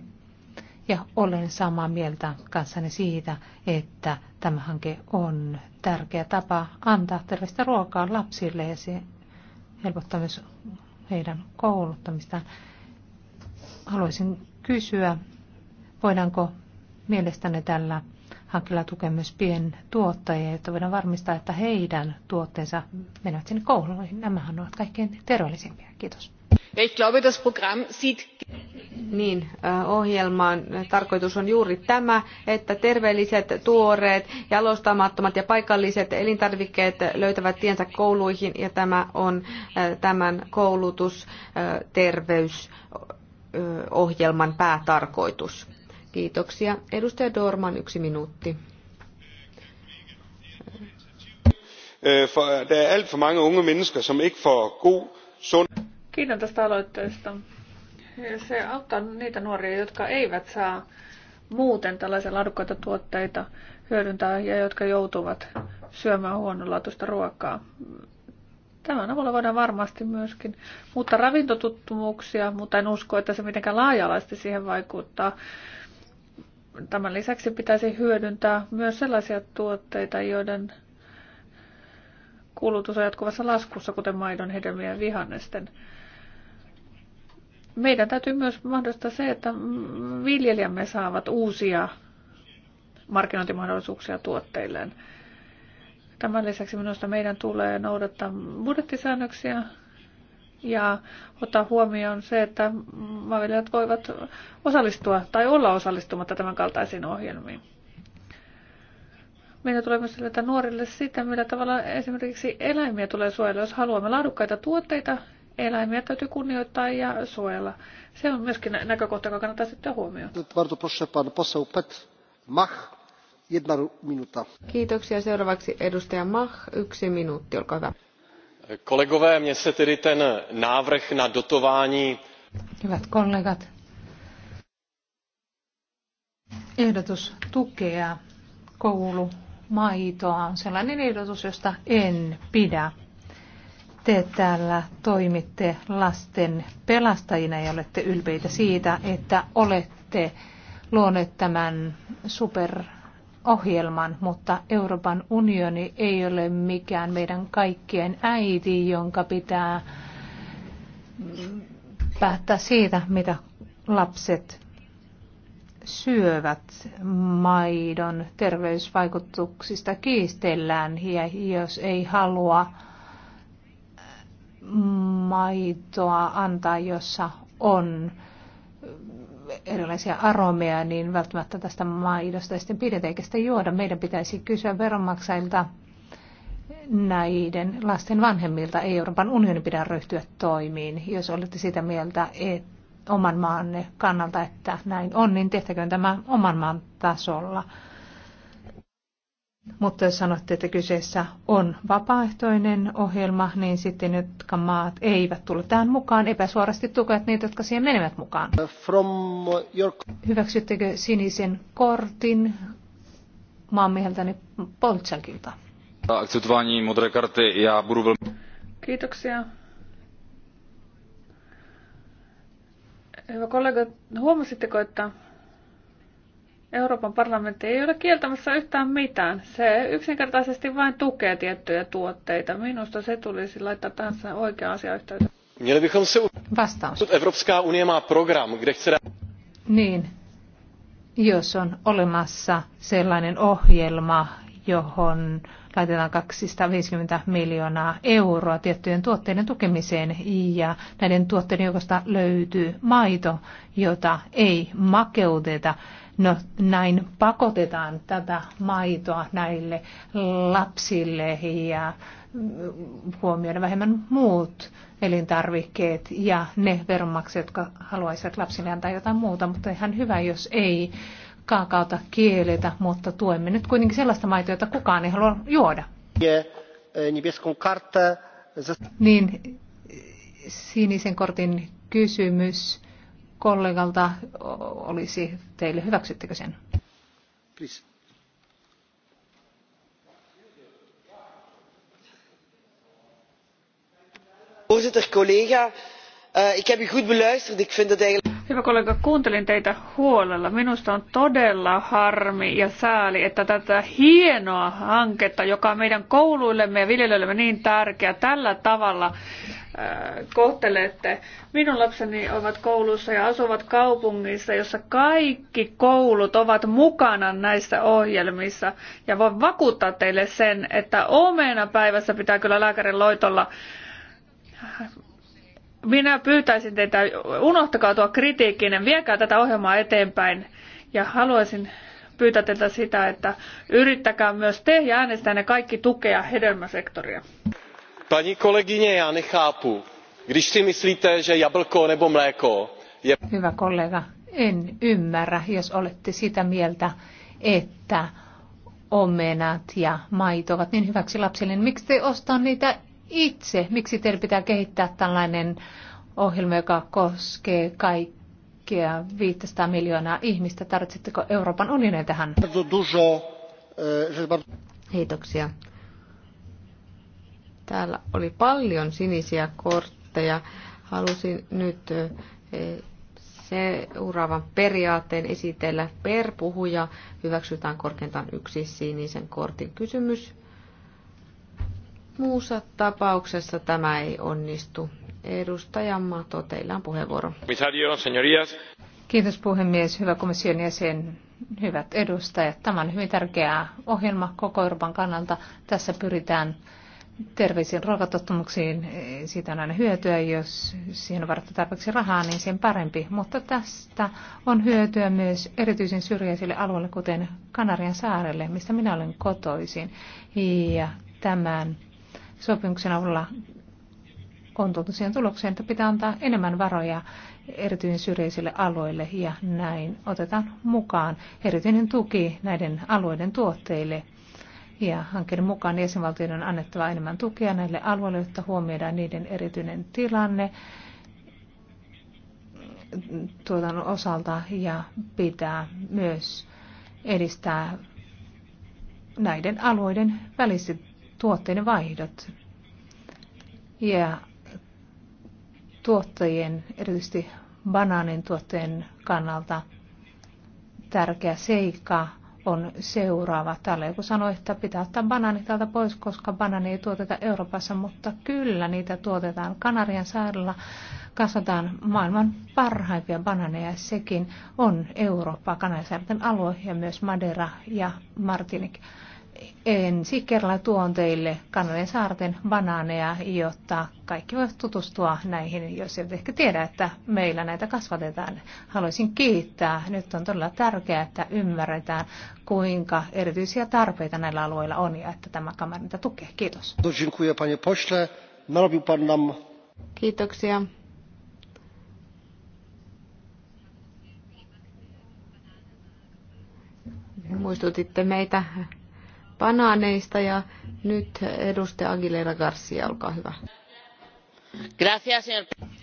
Ja olen samaa mieltä kanssani siitä, että tämä hanke on tärkeä tapa antaa terveistä ruokaa lapsille ja se helpottaa myös heidän kouluttamistaan. Haluaisin kysyä, voidaanko mielestäni tällä hankkeella tukea myös pientuottajia, jotta voidaan varmistaa, että heidän tuotteensa menevät sinne kouluihin. Nämähän ovat kaikkein terveellisimpiä. Kiitos. Ich glaube, das Programm sieht niin, äh, ohjelman tarkoitus on juuri tämä, että terveelliset, tuoreet, jalostamattomat ja paikalliset elintarvikkeet löytävät tiensä kouluihin ja tämä on äh, tämän koulutusterveysohjelman äh, päätarkoitus. Kiitoksia. Edustaja Dorman, yksi minuutti. Der er alt for mange unge mennesker, som ikke får god, sund Kiitän tästä aloitteesta. Se auttaa niitä nuoria, jotka eivät saa muuten tällaisia laadukkaita tuotteita hyödyntää ja jotka joutuvat syömään huonolaatuista ruokaa. Tämän avulla voidaan varmasti myöskin muuttaa ravintotuttumuksia, mutta en usko, että se mitenkään laajalaisesti siihen vaikuttaa. Tämän lisäksi pitäisi hyödyntää myös sellaisia tuotteita, joiden kulutus on jatkuvassa laskussa, kuten maidon, hedelmien ja vihannesten. Meidän täytyy myös mahdollistaa se, että viljelijämme saavat uusia markkinointimahdollisuuksia tuotteilleen. Tämän lisäksi minusta meidän tulee noudattaa budjettisäännöksiä ja ottaa huomioon se, että maanviljelijät voivat osallistua tai olla osallistumatta tämän kaltaisiin ohjelmiin. Meidän tulee myös selvätä nuorille sitä, millä tavalla esimerkiksi eläimiä tulee suojella. Jos haluamme laadukkaita tuotteita, eläimiä täytyy kunnioittaa ja suojella. Se on myöskin näkökohta, joka kannattaa sitten huomioon. minuta. Kiitoksia. Seuraavaksi edustaja Mach, yksi minuutti, olkaa hyvä. Kollegové, mě se tedy ten návrh na dotování... Hyvät kollegat, ehdotus tukea koulu maitoa on sellainen ehdotus, josta en pidä. Te täällä toimitte lasten pelastajina ja olette ylpeitä siitä, että olette luoneet tämän superohjelman, mutta Euroopan unioni ei ole mikään meidän kaikkien äiti, jonka pitää päättää siitä, mitä lapset syövät maidon terveysvaikutuksista kiistellään ja jos ei halua äh, maitoa antaa, jossa on erilaisia aromeja, niin välttämättä tästä maidosta sitten pidetä eikä sitä juoda. Meidän pitäisi kysyä veronmaksajilta näiden lasten vanhemmilta. Ei Euroopan unionin pidä ryhtyä toimiin, jos olette sitä mieltä, että oman maanne kannalta, että näin on, niin tehtäköön tämä oman maan tasolla. Mutta jos sanotte, että kyseessä on vapaaehtoinen ohjelma, niin sitten jotka maat eivät tule tähän mukaan, epäsuorasti tukevat niitä, jotka siihen menevät mukaan. From your... Hyväksyttekö sinisen kortin maanmieheltäni Poltselkilta? Kiitoksia. Hyvä kollega, huomasitteko, että Euroopan parlamentti ei ole kieltämässä yhtään mitään. Se yksinkertaisesti vain tukee tiettyjä tuotteita. Minusta se tulisi laittaa tähän oikea asia Měli se... Vastaus. Evropská unie má program, Niin. Jos on olemassa sellainen ohjelma, johon laitetaan 250 miljoonaa euroa tiettyjen tuotteiden tukemiseen ja näiden tuotteiden joukosta löytyy maito, jota ei makeuteta. No näin pakotetaan tätä maitoa näille lapsille ja huomioida vähemmän muut elintarvikkeet ja ne veronmaksajat, jotka haluaisivat lapsille antaa jotain muuta, mutta ihan hyvä, jos ei kaakaota kieletä, mutta tuemme nyt kuitenkin sellaista maitoa, jota kukaan ei halua juoda. Niin, sinisen kortin kysymys kollegalta olisi teille. Hyväksyttekö sen? Please. Voorzitter, collega, eh, ik heb u goed beluisterd. Ik vind het eigenlijk... Hyvä kollega, kuuntelin teitä huolella. Minusta on todella harmi ja sääli, että tätä hienoa hanketta, joka on meidän kouluillemme ja viljelijöillemme niin tärkeä, tällä tavalla äh, kohtelette. Minun lapseni ovat koulussa ja asuvat kaupungissa, jossa kaikki koulut ovat mukana näissä ohjelmissa. Ja voin vakuuttaa teille sen, että omena päivässä pitää kyllä lääkärin loitolla minä pyytäisin teitä, unohtakaa tuo kritiikkinen, viekää tätä ohjelmaa eteenpäin ja haluaisin pyytää teiltä sitä, että yrittäkää myös te ja ne kaikki tukea hedelmäsektoria. Pani kollegine, ja nechápu, když si myslíte, že jablko nebo mléko je... Hyvä kollega, en ymmärrä, jos olette sitä mieltä, että omenat ja maito ovat niin hyväksi lapsille, miksi te ostaa niitä itse. Miksi teidän pitää kehittää tällainen ohjelma, joka koskee kaikkia 500 miljoonaa ihmistä? Tarvitsetteko Euroopan unionin tähän? Kiitoksia. Täällä oli paljon sinisiä kortteja. Halusin nyt eh, seuraavan periaatteen esitellä per puhuja. Hyväksytään korkeintaan yksi sinisen kortin kysymys. Muussa tapauksessa tämä ei onnistu. Edustaja Mato, teillä on puheenvuoro. Kiitos puhemies, hyvä komission jäsen, hyvät edustajat. Tämä on hyvin tärkeä ohjelma koko Euroopan kannalta. Tässä pyritään terveisiin ruokatottumuksiin. Siitä on aina hyötyä, jos siihen on varattu tarpeeksi rahaa, niin sen parempi. Mutta tästä on hyötyä myös erityisen syrjäisille alueille, kuten Kanarian saarelle, mistä minä olen kotoisin. Ja tämän sopimuksen avulla on tultu siihen tulokseen, että pitää antaa enemmän varoja erityisen syrjäisille alueille ja näin otetaan mukaan erityinen tuki näiden alueiden tuotteille. Ja hankkeen mukaan jäsenvaltioiden on annettava enemmän tukea näille alueille, jotta huomioidaan niiden erityinen tilanne tuotannon osalta ja pitää myös edistää näiden alueiden välistä tuotteiden vaihdot. Ja tuottajien, erityisesti banaanin tuotteen kannalta tärkeä seikka on seuraava. Täällä joku sanoi, että pitää ottaa banaani täältä pois, koska banaani ei tuoteta Euroopassa, mutta kyllä niitä tuotetaan Kanarian saarella. Kasvataan maailman parhaimpia bananeja, sekin on Eurooppa, Kanarian alue ja myös Madeira ja Martinik. Ensi siis kerralla tuon teille Kanarian saarten banaaneja, jotta kaikki voivat tutustua näihin, jos et ehkä tiedä, että meillä näitä kasvatetaan. Haluaisin kiittää. Nyt on todella tärkeää, että ymmärretään, kuinka erityisiä tarpeita näillä alueilla on ja että tämä kamarinta tukee. Kiitos. Kiitoksia. Muistutitte meitä banaaneista ja nyt edustaja Aguilera Garcia, olkaa hyvä.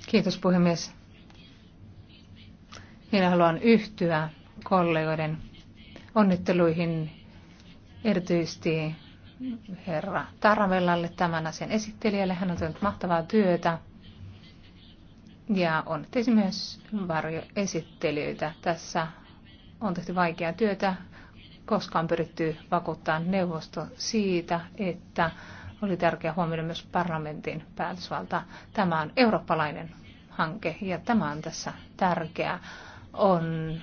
Kiitos puhemies. Minä haluan yhtyä kollegoiden onnitteluihin erityisesti herra Taravellalle tämän asian esittelijälle. Hän on tehnyt mahtavaa työtä ja on myös varjoesittelijöitä. Tässä on tehty vaikeaa työtä koska on pyritty vakuuttaa neuvosto siitä, että oli tärkeää huomioida myös parlamentin päätösvalta. Tämä on eurooppalainen hanke ja tämä on tässä tärkeää. On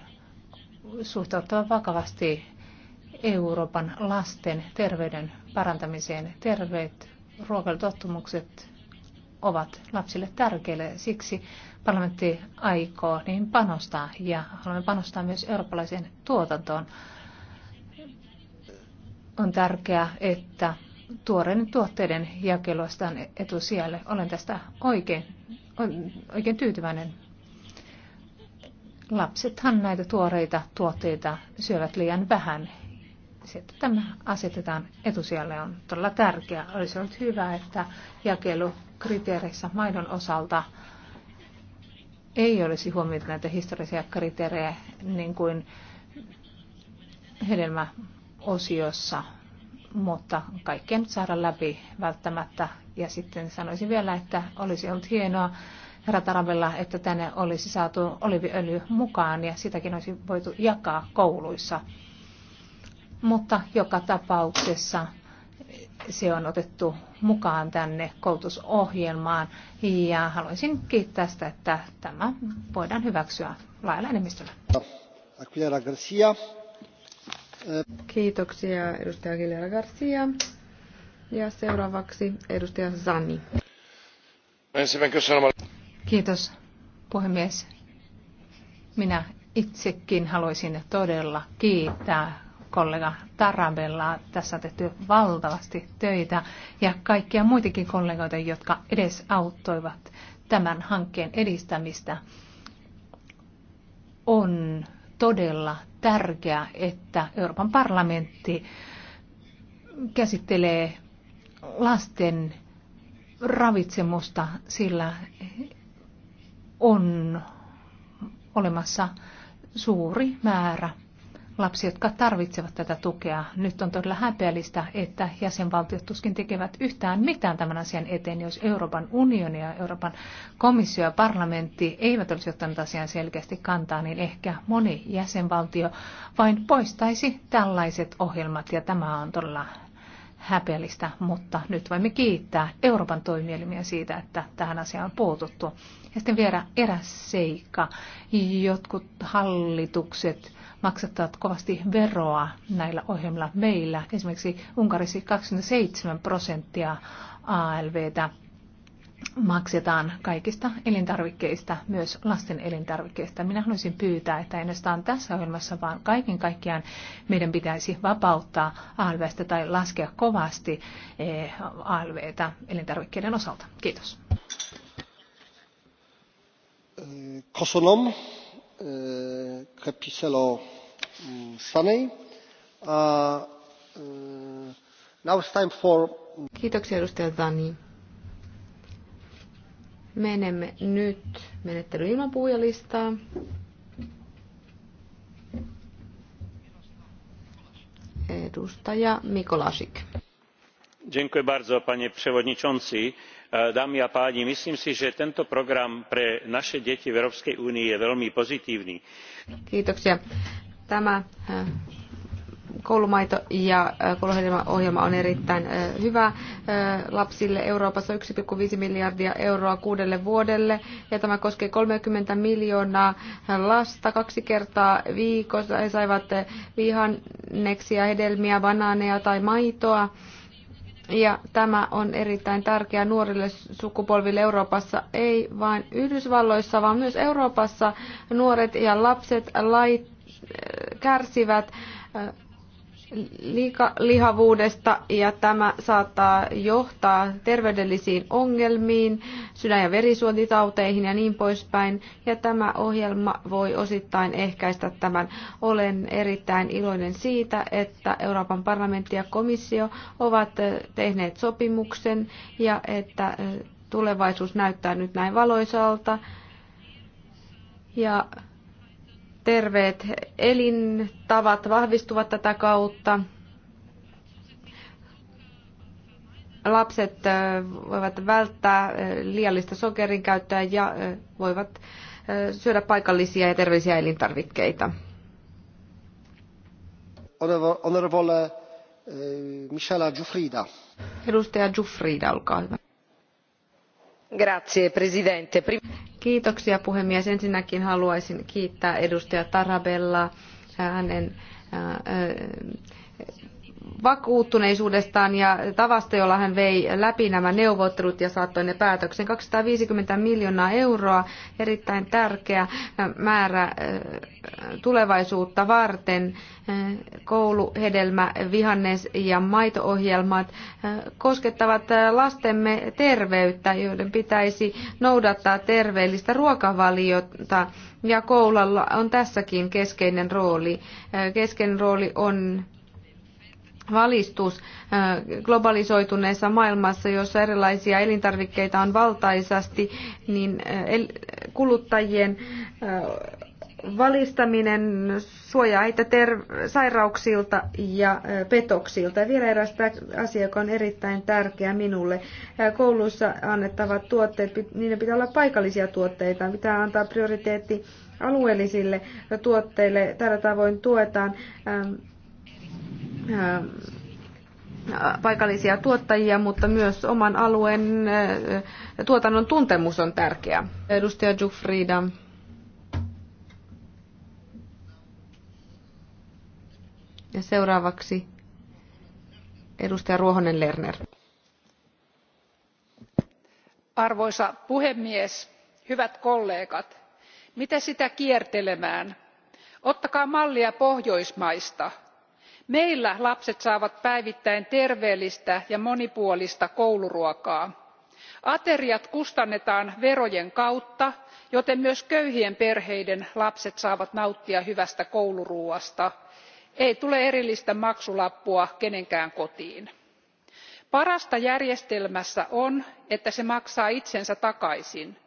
suhtautua vakavasti Euroopan lasten terveyden parantamiseen. Terveet ruokailutottumukset ovat lapsille tärkeille. Siksi parlamentti aikoo niihin panostaa ja haluamme panostaa myös eurooppalaiseen tuotantoon on tärkeää, että tuoreiden tuotteiden jakelusta on etusijalle. Olen tästä oikein, oikein tyytyväinen. Lapsethan näitä tuoreita tuotteita syövät liian vähän. Se, että tämä asetetaan etusijalle on todella tärkeää. Olisi ollut hyvä, että jakelukriteereissä maidon osalta ei olisi huomioitu näitä historiallisia kriteerejä, niin kuin hedelmä osiossa, mutta kaikkea nyt saada läpi välttämättä. Ja sitten sanoisin vielä, että olisi ollut hienoa herra että tänne olisi saatu oliviöljy mukaan ja sitäkin olisi voitu jakaa kouluissa. Mutta joka tapauksessa se on otettu mukaan tänne koulutusohjelmaan ja haluaisin kiittää sitä, että tämä voidaan hyväksyä laajalla enemmistöllä. Aguilera Garcia. Kiitoksia edustaja Aguilera Garcia. Ja seuraavaksi edustaja Zani. Kiitos puhemies. Minä itsekin haluaisin todella kiittää kollega Tarabella. Tässä on tehty valtavasti töitä ja kaikkia muitakin kollegoita, jotka edes auttoivat tämän hankkeen edistämistä. On todella tärkeää, että Euroopan parlamentti käsittelee lasten ravitsemusta, sillä on olemassa suuri määrä lapsi, jotka tarvitsevat tätä tukea. Nyt on todella häpeällistä, että jäsenvaltiot tuskin tekevät yhtään mitään tämän asian eteen, jos Euroopan unioni ja Euroopan komissio ja parlamentti eivät olisi ottaneet asian selkeästi kantaa, niin ehkä moni jäsenvaltio vain poistaisi tällaiset ohjelmat, ja tämä on todella häpeällistä, mutta nyt voimme kiittää Euroopan toimielimiä siitä, että tähän asiaan on puututtu. Ja sitten vielä eräs seikka. Jotkut hallitukset maksattavat kovasti veroa näillä ohjelmilla meillä. Esimerkiksi Unkarissa 27 prosenttia ALVtä maksetaan kaikista elintarvikkeista, myös lasten elintarvikkeista. Minä haluaisin pyytää, että ainoastaan tässä ohjelmassa, vaan kaiken kaikkiaan meidän pitäisi vapauttaa ALVstä tai laskea kovasti eh, ALVtä elintarvikkeiden osalta. Kiitos. Kosonom. Mm, sanei. Now it's time for... Kiitoksia edustaja Zani. Menemme nyt menettely ilman puhujalistaa. Edustaja Mikolasik. Dziękuję bardzo, panie przewodniczący. E, dámy a páni myslím si že tento program pre naše deti v európskej únii je veľmi pozitívny. Kiitoksia. Tämä e, koulumaito ja e, kouluhedelmäohjelma on erittäin hyvä lapsille Euroopassa yksi viisi miljardia euroa kuudelle vuodelle ja tämä koskee kolmekymmentä miljoonaa lasta kaksi kertaa viikossa. He saivat vihanneksia, hedelmiä, banaaneja tai maitoa ja tämä on erittäin tärkeää nuorille sukupolville Euroopassa, ei vain Yhdysvalloissa, vaan myös Euroopassa nuoret ja lapset lait, kärsivät liika- lihavuudesta ja tämä saattaa johtaa terveydellisiin ongelmiin, sydän- ja verisuonitauteihin ja niin poispäin. Ja tämä ohjelma voi osittain ehkäistä tämän. Olen erittäin iloinen siitä, että Euroopan parlamentti ja komissio ovat tehneet sopimuksen ja että tulevaisuus näyttää nyt näin valoisalta. Ja terveet elintavat vahvistuvat tätä kautta. Lapset äh, voivat välttää äh, liiallista sokerin käyttöä ja äh, voivat syödä paikallisia ja terveellisiä elintarvikkeita. Honorable Michela Giuffrida. Edustaja Giuffrida, olkaa hyvä. Grazie, presidente. Kiitoksia puhemies. Ensinnäkin haluaisin kiittää edustaja Tarabellaa hänen äh, vakuuttuneisuudestaan ja tavasta, jolla hän vei läpi nämä neuvottelut ja saattoi ne päätöksen. 250 miljoonaa euroa, erittäin tärkeä määrä äh, tulevaisuutta varten. Äh, Koulu, hedelmä, vihannes ja maitoohjelmat äh, koskettavat lastemme terveyttä, joiden pitäisi noudattaa terveellistä ruokavaliota ja koululla on tässäkin keskeinen rooli. Keskeinen rooli on valistus äh, globalisoituneessa maailmassa, jossa erilaisia elintarvikkeita on valtaisasti, niin äh, kuluttajien äh, valistaminen suojaa heitä ter- sairauksilta ja petoksilta. Ja vielä eräs asia, joka on erittäin tärkeä minulle. Kouluissa annettavat tuotteet, niiden pitää olla paikallisia tuotteita, pitää antaa prioriteetti alueellisille tuotteille. Tällä tavoin tuetaan ähm, paikallisia tuottajia, mutta myös oman alueen tuotannon tuntemus on tärkeä. Edustaja Jufrida. Ja seuraavaksi edustaja Ruohonen Lerner. Arvoisa puhemies, hyvät kollegat, mitä sitä kiertelemään? Ottakaa mallia Pohjoismaista meillä lapset saavat päivittäin terveellistä ja monipuolista kouluruokaa. ateriat kustannetaan verojen kautta joten myös köyhien perheiden lapset saavat nauttia hyvästä kouluruoasta. ei tule erillistä maksulappua kenenkään kotiin. parasta järjestelmässä on että se maksaa itsensä takaisin.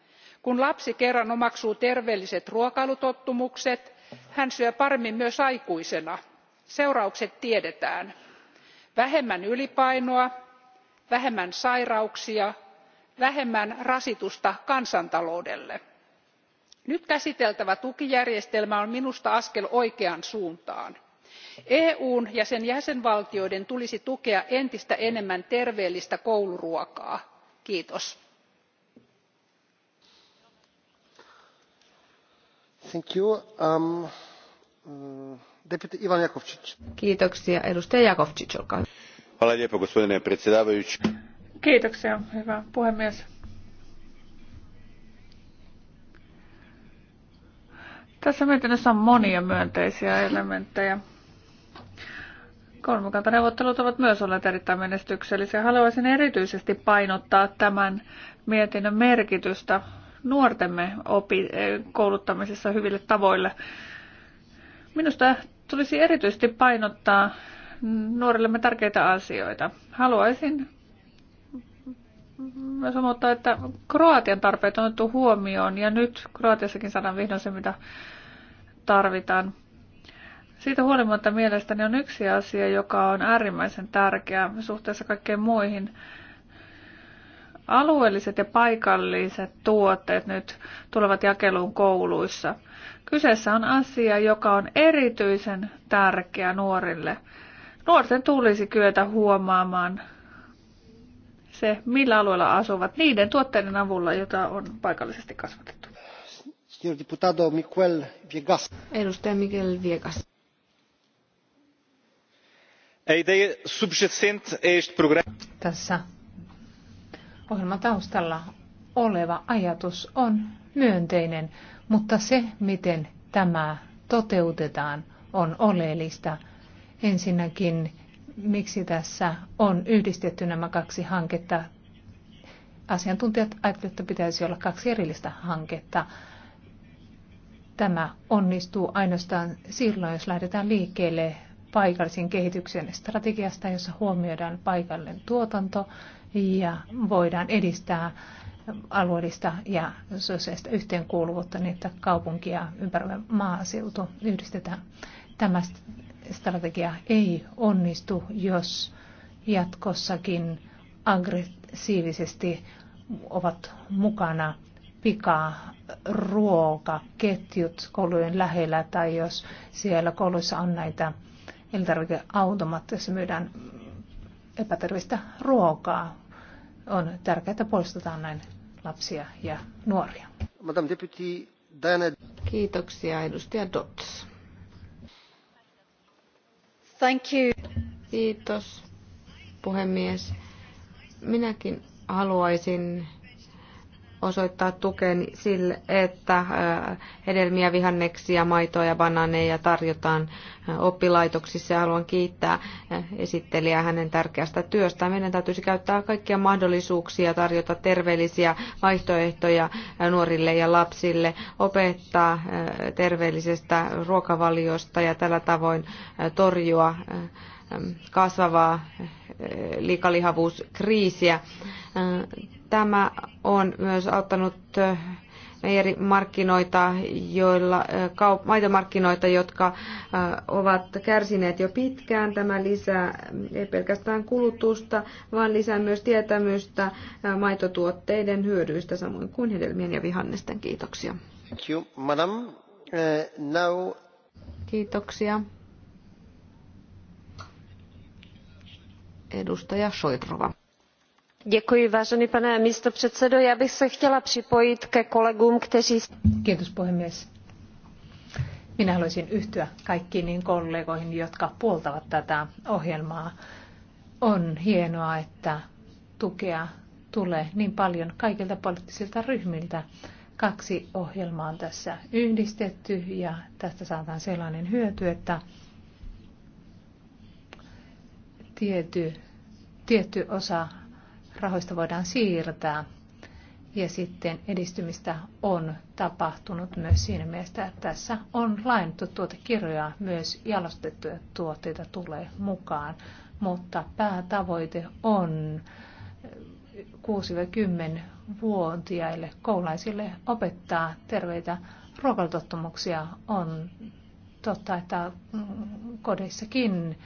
kun lapsi kerran omaksuu terveelliset ruokailutottumukset hän syö paremmin myös aikuisena seuraukset tiedetään vähemmän ylipainoa vähemmän sairauksia vähemmän rasitusta kansantaloudelle. nyt käsiteltävä tukijärjestelmä on minusta askel oikeaan suuntaan. eu n ja sen jäsenvaltioiden tulisi tukea entistä enemmän terveellistä kouluruokaa. kiitos. Kiitoksia. gospodine predsjedavajući. Kiitoksia, puhemies. Tässä mietinnössä on monia myönteisiä elementtejä. Kolmikantaneuvottelut ovat myös olleet erittäin menestyksellisiä. Haluaisin erityisesti painottaa tämän mietinnön merkitystä nuortemme opi- kouluttamisessa hyville tavoille. Minusta tulisi erityisesti painottaa nuorillemme tärkeitä asioita. Haluaisin myös huomauttaa, että Kroatian tarpeet on otettu huomioon ja nyt Kroatiassakin saadaan vihdoin se, mitä tarvitaan. Siitä huolimatta mielestäni on yksi asia, joka on äärimmäisen tärkeä suhteessa kaikkeen muihin. Alueelliset ja paikalliset tuotteet nyt tulevat jakeluun kouluissa – Kyseessä on asia, joka on erityisen tärkeä nuorille. Nuorten tulisi kyetä huomaamaan se, millä alueella asuvat niiden tuotteiden avulla, jota on paikallisesti kasvatettu. Edustaja Miguel Viegas. Tässä ohjelman taustalla oleva ajatus on myönteinen, mutta se, miten tämä toteutetaan, on oleellista. Ensinnäkin, miksi tässä on yhdistetty nämä kaksi hanketta. Asiantuntijat ajattelevat, että pitäisi olla kaksi erillistä hanketta. Tämä onnistuu ainoastaan silloin, jos lähdetään liikkeelle paikallisen kehityksen strategiasta, jossa huomioidaan paikallinen tuotanto ja voidaan edistää alueellista ja sosiaalista yhteenkuuluvuutta, niin että kaupunki ja ympäröivä maaseutu yhdistetään. Tämä strategia ei onnistu, jos jatkossakin aggressiivisesti ovat mukana ruokaketjut koulujen lähellä tai jos siellä kouluissa on näitä elintarvikeautomaatteja, joissa myydään epäterveistä ruokaa on tärkeää, että puolustetaan näin lapsia ja nuoria. Madame Deputy Diana... Kiitoksia, edustaja Dots. Thank you. Kiitos, puhemies. Minäkin haluaisin osoittaa tukeni sille, että hedelmiä, vihanneksia, maitoa ja bananeja tarjotaan oppilaitoksissa. haluan kiittää esittelijää hänen tärkeästä työstään. Meidän täytyisi käyttää kaikkia mahdollisuuksia tarjota terveellisiä vaihtoehtoja nuorille ja lapsille, opettaa terveellisestä ruokavaliosta ja tällä tavoin torjua kasvavaa liikalihavuuskriisiä. Tämä on myös auttanut meijerimarkkinoita, joilla, maitomarkkinoita, jotka ovat kärsineet jo pitkään. Tämä lisää ei pelkästään kulutusta, vaan lisää myös tietämystä maitotuotteiden hyödyistä, samoin kuin hedelmien ja vihannesten. Kiitoksia. Thank you, madam. Uh, now... Kiitoksia. Edustaja Soitrova. Děkuji, vážený pane místopředsedo. Já bych se chtěla připojit ke kolegům, kteří... Kiitos puhemies. Minä haluaisin yhtyä kaikkiin niin kollegoihin, jotka puoltavat tätä ohjelmaa. On hienoa, että tukea tulee niin paljon kaikilta poliittisilta ryhmiltä. Kaksi ohjelmaa on tässä yhdistetty ja tästä saadaan sellainen hyöty, että tietty, tietty osa rahoista voidaan siirtää. Ja sitten edistymistä on tapahtunut myös siinä mielessä, että tässä on lainattu tuotekirjoja, myös jalostettuja tuotteita tulee mukaan. Mutta päätavoite on 6-10-vuotiaille koulaisille opettaa terveitä ruokaltottumuksia. On totta, että kodeissakin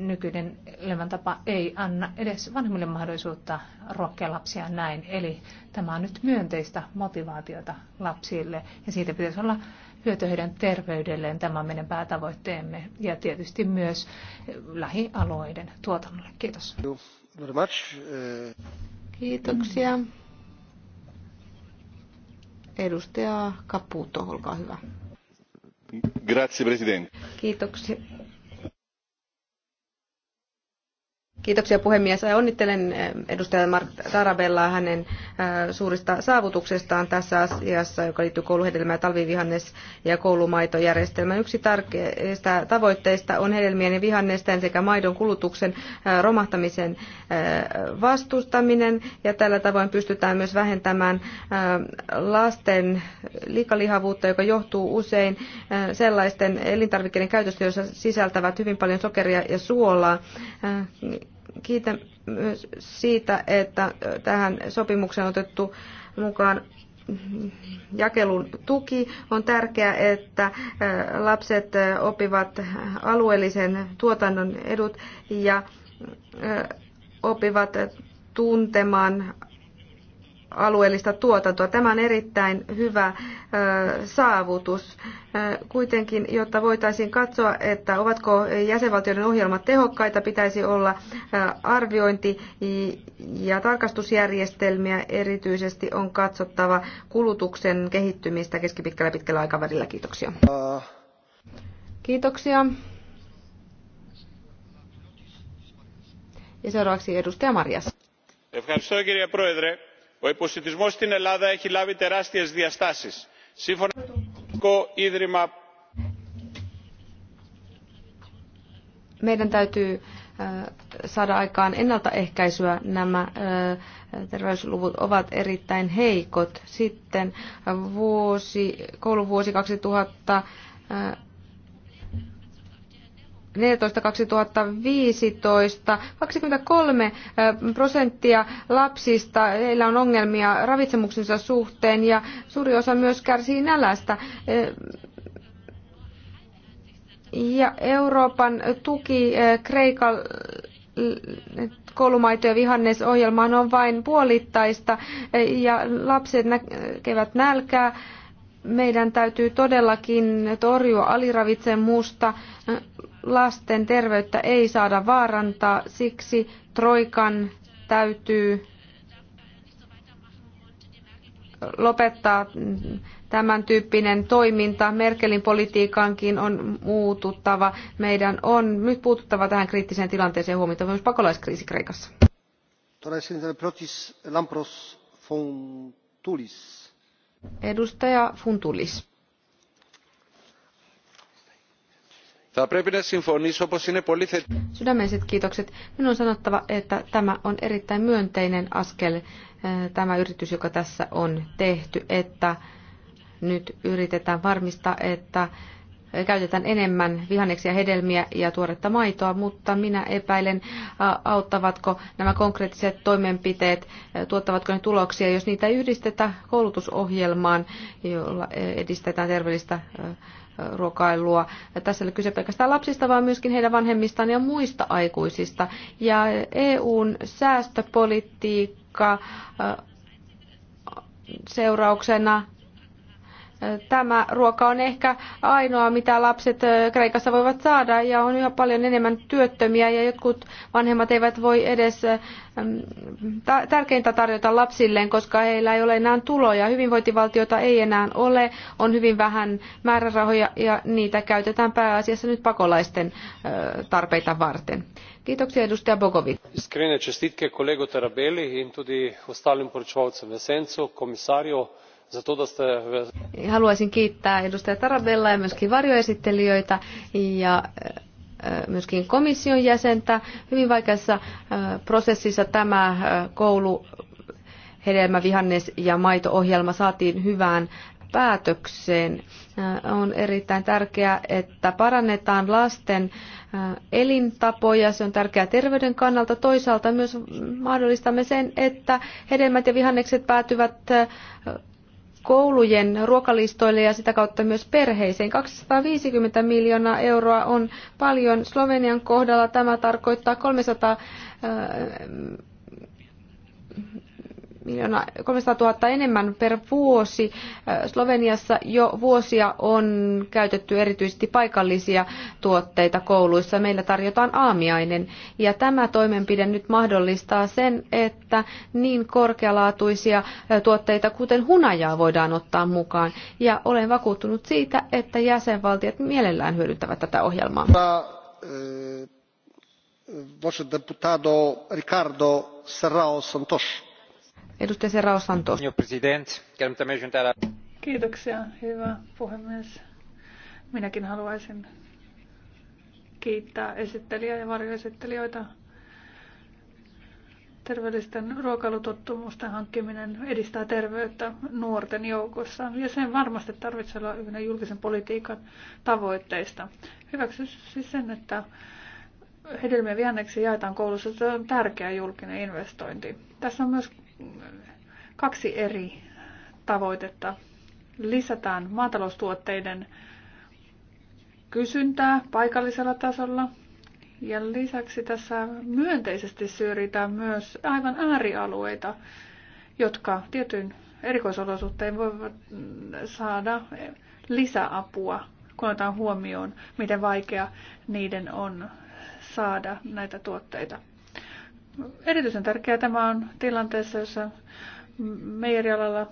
nykyinen elämäntapa ei anna edes vanhemmille mahdollisuutta rohkea lapsia näin. Eli tämä on nyt myönteistä motivaatiota lapsille ja siitä pitäisi olla hyötyä heidän terveydelleen. Tämä on meidän päätavoitteemme ja tietysti myös lähialueiden tuotannolle. Kiitos. Kiitoksia. Edustaja Caputo, olkaa hyvä. Grazie, Presidente. Kiitoksia Kiitoksia puhemies. Onnittelen eh, edustaja Mart Tarabellaa hänen eh, suurista saavutuksestaan tässä asiassa, joka liittyy kouluhedelmää, talvivihannes- ja koulumaitojärjestelmään. Yksi tärkeistä tavoitteista on hedelmien ja vihannesten sekä maidon kulutuksen eh, romahtamisen vastustaminen. Ja tällä tavoin pystytään myös vähentämään lasten liikalihavuutta, joka johtuu usein sellaisten elintarvikkeiden käytöstä, joissa sisältävät hyvin paljon sokeria ja suolaa Kiitän myös siitä, että tähän sopimukseen on otettu mukaan jakelun tuki. On tärkeää, että lapset oppivat alueellisen tuotannon edut ja oppivat tuntemaan alueellista tuotantoa. Tämä on erittäin hyvä saavutus. Kuitenkin, jotta voitaisiin katsoa, että ovatko jäsenvaltioiden ohjelmat tehokkaita, pitäisi olla arviointi- ja tarkastusjärjestelmiä. Erityisesti on katsottava kulutuksen kehittymistä keskipitkällä ja pitkällä aikavälillä. Kiitoksia. Kiitoksia. Ja seuraavaksi edustaja Marjas. Ευχαριστώ κύριε Πρόεδρε ο υποσιτισμός στην ελλάδα έχει λάβει τεράστιες διαστάσεις. σύμφωνα με το Πολιτικό ίδρυμα meidän täytyy saada aikaan ennaltaehkäisyä. Nämä terveysluvut ovat erittäin heikot. Sitten vuosi, kouluvuosi 2000 2014-2015 23 prosenttia lapsista, heillä on ongelmia ravitsemuksensa suhteen ja suuri osa myös kärsii nälästä. Ja Euroopan tuki Kreikan koulumaito- ja vihannesohjelmaan on vain puolittaista ja lapset näkevät nälkää. Meidän täytyy todellakin torjua aliravitsemusta, lasten terveyttä ei saada vaarantaa, siksi Troikan täytyy lopettaa tämän tyyppinen toiminta. Merkelin politiikankin on muututtava. Meidän on nyt puututtava tähän kriittiseen tilanteeseen huomioon myös pakolaiskriisi Kreikassa. Edustaja Funtulis. Sydämelliset kiitokset. Minun on sanottava, että tämä on erittäin myönteinen askel, eh, tämä yritys, joka tässä on tehty, että nyt yritetään varmistaa, että käytetään enemmän vihanneksia, hedelmiä ja tuoretta maitoa, mutta minä epäilen, auttavatko nämä konkreettiset toimenpiteet, eh, tuottavatko ne tuloksia, jos niitä ei yhdistetä koulutusohjelmaan, jolla eh, edistetään terveellistä ruokailua. Tässä ei ole kyse pelkästään lapsista, vaan myöskin heidän vanhemmistaan ja muista aikuisista. Ja EUn säästöpolitiikka seurauksena Tämä ruoka on ehkä ainoa, mitä lapset Kreikassa voivat saada ja on yhä paljon enemmän työttömiä ja jotkut vanhemmat eivät voi edes mm, tärkeintä tarjota lapsilleen, koska heillä ei ole enää tuloja. Hyvinvointivaltiota ei enää ole, on hyvin vähän määrärahoja ja niitä käytetään pääasiassa nyt pakolaisten tarpeita varten. Kiitoksia edustaja Bogovic. Iskrene čestitke kolego Tarabelli in tudi ostalim poročevalcem v Sencu, komisarju Haluaisin kiittää edustaja Tarabella ja myöskin varjoesittelijöitä ja myöskin komission jäsentä. Hyvin vaikeassa prosessissa tämä koulu hedelmä, vihannes ja maito-ohjelma saatiin hyvään päätökseen. On erittäin tärkeää, että parannetaan lasten elintapoja. Se on tärkeää terveyden kannalta. Toisaalta myös mahdollistamme sen, että hedelmät ja vihannekset päätyvät koulujen ruokalistoille ja sitä kautta myös perheisiin. 250 miljoonaa euroa on paljon. Slovenian kohdalla tämä tarkoittaa 300 300 000 enemmän per vuosi. Äh, Sloveniassa jo vuosia on käytetty erityisesti paikallisia tuotteita kouluissa. Meillä tarjotaan aamiainen ja tämä toimenpide nyt mahdollistaa sen, että niin korkealaatuisia äh, tuotteita kuten hunajaa voidaan ottaa mukaan. Ja olen vakuuttunut siitä, että jäsenvaltiot mielellään hyödyntävät tätä ohjelmaa. Voce deputado Ricardo Serrao Santos arvoisa Serraos Kiitoksia, hyvä puhemies. Minäkin haluaisin kiittää esittelijää ja varjoesittelijöitä. Terveellisten ruokailutottumusten hankkiminen edistää terveyttä nuorten joukossa ja sen varmasti tarvitsee olla yhdenä julkisen politiikan tavoitteista. Hyväksy siis sen, että hedelmien vihanneksi jaetaan koulussa, se on tärkeä julkinen investointi. Tässä on myös kaksi eri tavoitetta. Lisätään maataloustuotteiden kysyntää paikallisella tasolla ja lisäksi tässä myönteisesti syrjitään myös aivan äärialueita, jotka tietyn erikoisolosuhteen voivat saada lisäapua, kun otetaan huomioon, miten vaikea niiden on saada näitä tuotteita. Erityisen tärkeää tämä on tilanteessa, jossa meijerialalla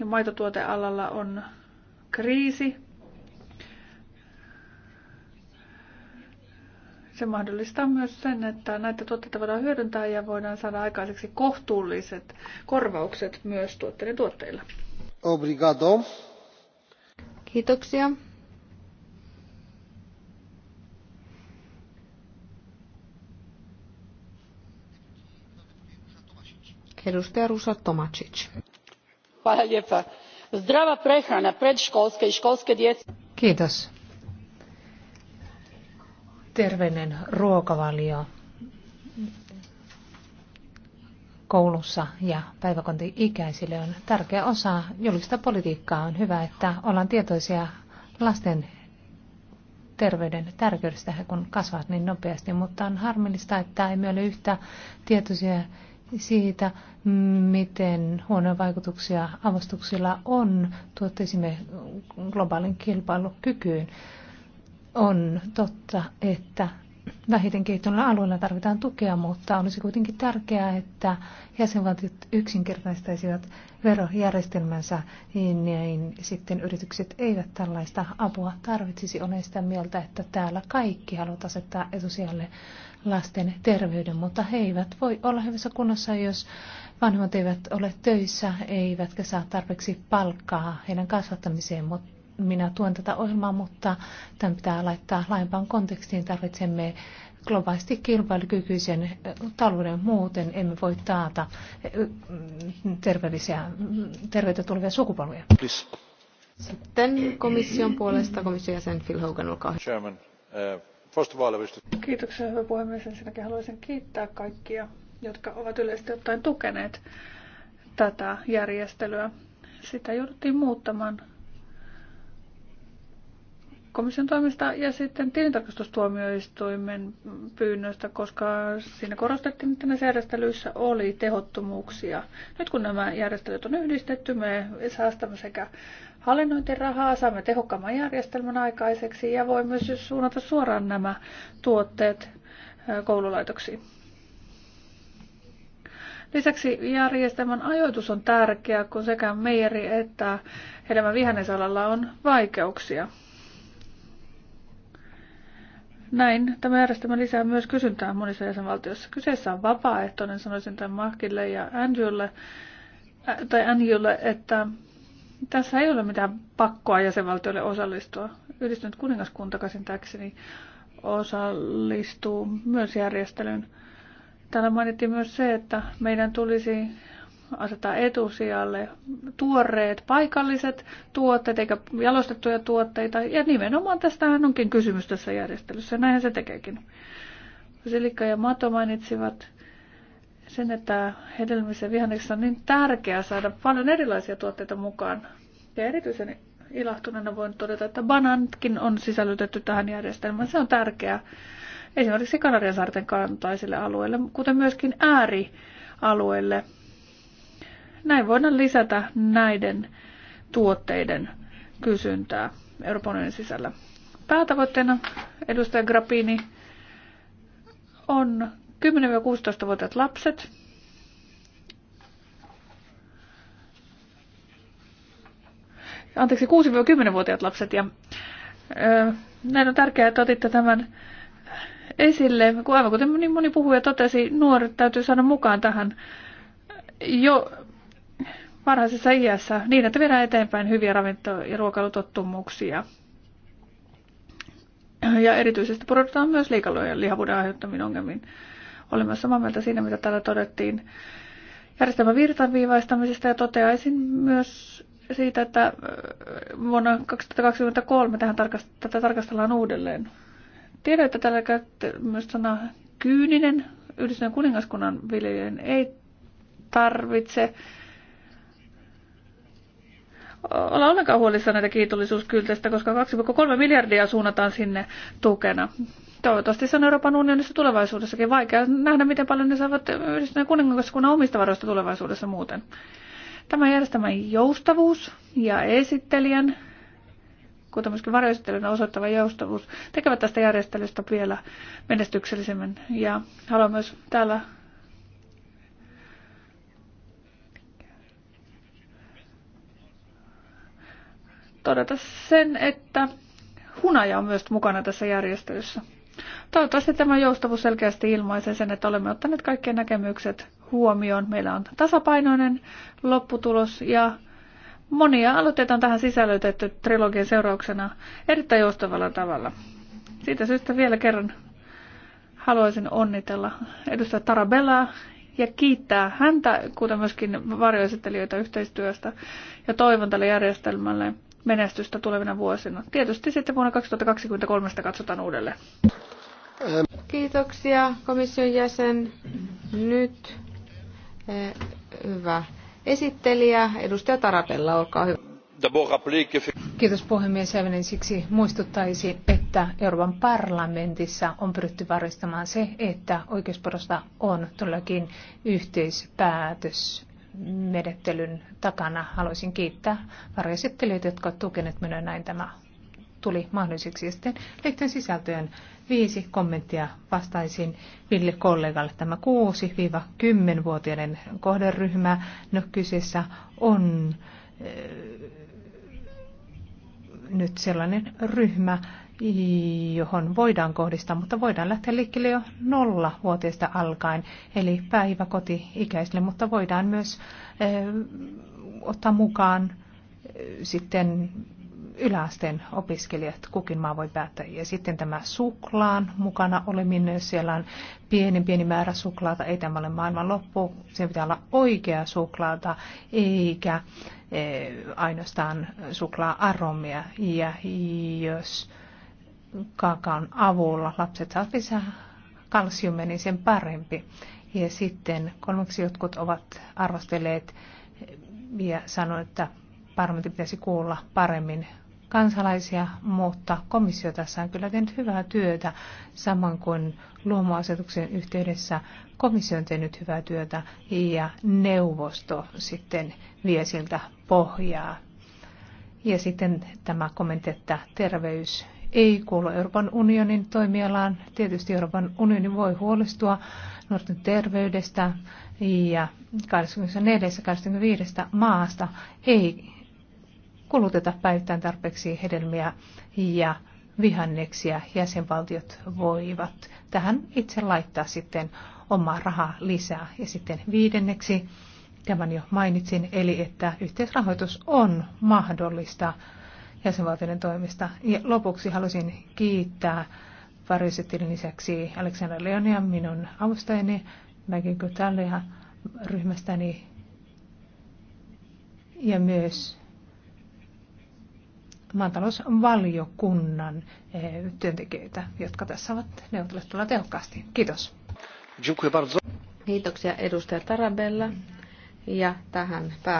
ja maitotuotealalla on kriisi. Se mahdollistaa myös sen, että näitä tuotteita voidaan hyödyntää ja voidaan saada aikaiseksi kohtuulliset korvaukset myös tuotteiden tuotteilla. Obrigado. Kiitoksia. Edustaja Tomacic. Zdrava prehrana predškolske i školske djece. Kiitos. Terveinen ruokavalio koulussa ja päiväkoti ikäisille on tärkeä osa julkista politiikkaa. On hyvä, että ollaan tietoisia lasten terveyden tärkeydestä, kun kasvavat niin nopeasti, mutta on harmillista, että emme ole yhtä tietoisia siitä, miten huonoja vaikutuksia avustuksilla on tuotteisimme globaalin kilpailukykyyn. On totta, että vähiten kehittyneillä alueilla tarvitaan tukea, mutta olisi kuitenkin tärkeää, että jäsenvaltiot yksinkertaistaisivat verojärjestelmänsä, niin, niin sitten yritykset eivät tällaista apua tarvitsisi. Olen sitä mieltä, että täällä kaikki haluavat asettaa etusijalle lasten terveyden, mutta he eivät voi olla hyvässä kunnossa, jos vanhemmat eivät ole töissä, eivätkä saa tarpeeksi palkkaa heidän kasvattamiseen, mutta minä tuen tätä ohjelmaa, mutta tämän pitää laittaa laajempaan kontekstiin. Tarvitsemme globaalisti kilpailukykyisen eh, talouden muuten emme voi taata eh, mm, terveellisiä, mm, terveyttä tulevia sukupolvia. Sitten komission puolesta komission jäsen Phil Hogan, olkaa hyvä. Eh, Kiitoksia, hyvä puhemies. Ensinnäkin haluaisin kiittää kaikkia, jotka ovat yleisesti ottaen tukeneet tätä järjestelyä. Sitä jouduttiin muuttamaan komission toimesta ja sitten tilintarkastustuomioistuimen pyynnöstä, koska siinä korostettiin, että näissä järjestelyissä oli tehottomuuksia. Nyt kun nämä järjestelyt on yhdistetty, me säästämme sekä hallinnointirahaa, saamme tehokkaamman järjestelmän aikaiseksi ja voi myös suunnata suoraan nämä tuotteet koululaitoksiin. Lisäksi järjestelmän ajoitus on tärkeä, kun sekä meijeri että hedelmän vihannesalalla on vaikeuksia. Näin tämä järjestelmä lisää myös kysyntää monissa jäsenvaltioissa. Kyseessä on vapaaehtoinen, sanoisin tämän Markille ja Andrewlle, ä, äh, tai Andrewlle, että tässä ei ole mitään pakkoa jäsenvaltioille osallistua. Yhdistynyt kuningaskunta niin osallistuu myös järjestelyyn. Täällä mainittiin myös se, että meidän tulisi asettaa etusijalle tuoreet paikalliset tuotteet eikä jalostettuja tuotteita. Ja nimenomaan tästähän onkin kysymys tässä järjestelyssä. Näinhän se tekeekin. Silikka ja Mato mainitsivat sen, että hedelmissä vihanneksissa on niin tärkeää saada paljon erilaisia tuotteita mukaan. Ja erityisen ilahtuneena voin todeta, että banantkin on sisällytetty tähän järjestelmään. Se on tärkeää esimerkiksi Kanariansaarten kantaisille alueille, kuten myöskin äärialueille, näin voidaan lisätä näiden tuotteiden kysyntää Euroopan unionin sisällä. Päätavoitteena edustaja Grappini on 10-16-vuotiaat lapset, anteeksi, 6-10-vuotiaat lapset. Ja, öö, näin on tärkeää, että otitte tämän esille. Kun aivan kuten niin moni puhuja totesi, nuoret täytyy saada mukaan tähän jo varhaisessa iässä niin, että viedään eteenpäin hyviä ravinto- ja ruokailutottumuksia. Ja erityisesti pudotetaan myös liikalojen lihavuuden aiheuttamiin ongelmiin. Olemme samaa mieltä siinä, mitä täällä todettiin järjestelmän virtaviivaistamisesta ja toteaisin myös siitä, että vuonna 2023 tähän tarkast- tätä tarkastellaan uudelleen. Tiedän, että täällä käytte myös sana kyyninen. Yhdistyneen kuningaskunnan viljelijän ei tarvitse olla ollenkaan huolissaan näitä kiitollisuuskylteistä, koska 2,3 miljardia suunnataan sinne tukena. Toivottavasti se on Euroopan unionissa tulevaisuudessakin vaikea nähdä, miten paljon ne saavat yhdistyneen kuningaskunnan omista varoista tulevaisuudessa muuten. Tämä järjestelmän joustavuus ja esittelijän, kuten myöskin varjoesittelijän osoittava joustavuus, tekevät tästä järjestelystä vielä menestyksellisemmän. Ja haluan myös täällä todeta sen, että hunaja on myös mukana tässä järjestelyssä. Toivottavasti tämä joustavuus selkeästi ilmaisee sen, että olemme ottaneet kaikkien näkemykset huomioon. Meillä on tasapainoinen lopputulos ja monia aloitteita on tähän sisällytetty trilogian seurauksena erittäin joustavalla tavalla. Siitä syystä vielä kerran haluaisin onnitella edustaja Tarabellaa ja kiittää häntä, kuten myöskin varjoesittelijöitä yhteistyöstä ja toivon tälle järjestelmälle menestystä tulevina vuosina. Tietysti sitten vuonna 2023 katsotaan uudelleen. Kiitoksia komission jäsen. Nyt eh, hyvä esittelijä, edustaja Tarapella, olkaa hyvä. Kiitos puhemies Evenen. Siksi muistuttaisin, että Euroopan parlamentissa on pyritty varmistamaan se, että oikeusperusta on todellakin yhteispäätös menettelyn takana. Haluaisin kiittää varjoesittelijöitä, jotka ovat tukeneet minua näin tämä tuli mahdolliseksi. Ja sitten lehten sisältöön viisi kommenttia vastaisin Ville kollegalle. Tämä 6-10-vuotiaiden kohderyhmä, no kyseessä on eh, nyt sellainen ryhmä, johon voidaan kohdistaa, mutta voidaan lähteä liikkeelle jo nolla vuotiaista alkaen, eli päiväkoti-ikäisille, mutta voidaan myös eh, ottaa mukaan eh, sitten yläasteen opiskelijat, kukin maa voi päättää. Ja sitten tämä suklaan mukana oleminen, jos siellä on pieni, pieni määrä suklaata, ei tämä ole maailman loppu, se pitää olla oikea suklaata, eikä eh, ainoastaan suklaa-aromia. Ja jos kaakaon avulla. Lapset saavat lisää kalsiumia, niin sen parempi. Ja sitten kolmeksi jotkut ovat arvostelleet ja sanoneet, että parlamentti pitäisi kuulla paremmin kansalaisia, mutta komissio tässä on kyllä tehnyt hyvää työtä, samoin kuin luomuasetuksen yhteydessä komissio on tehnyt hyvää työtä ja neuvosto sitten vie siltä pohjaa. Ja sitten tämä kommentti, että terveys ei kuulu Euroopan unionin toimialaan. Tietysti Euroopan unioni voi huolestua nuorten terveydestä ja 24-25 maasta ei kuluteta päivittäin tarpeeksi hedelmiä ja vihanneksia jäsenvaltiot voivat tähän itse laittaa sitten omaa rahaa lisää. Ja sitten viidenneksi, tämän jo mainitsin, eli että yhteisrahoitus on mahdollista jäsenvaltioiden toimista. Ja lopuksi halusin kiittää varjoisettilin lisäksi Aleksandra Leonia, minun avustajani, Mäkin Kutalia ryhmästäni ja myös maatalousvaliokunnan eh, työntekijöitä, jotka tässä ovat neuvotelleet tehokkaasti. Kiitos. Kiitoksia edustaja Tarabella. Ja tähän päättyy.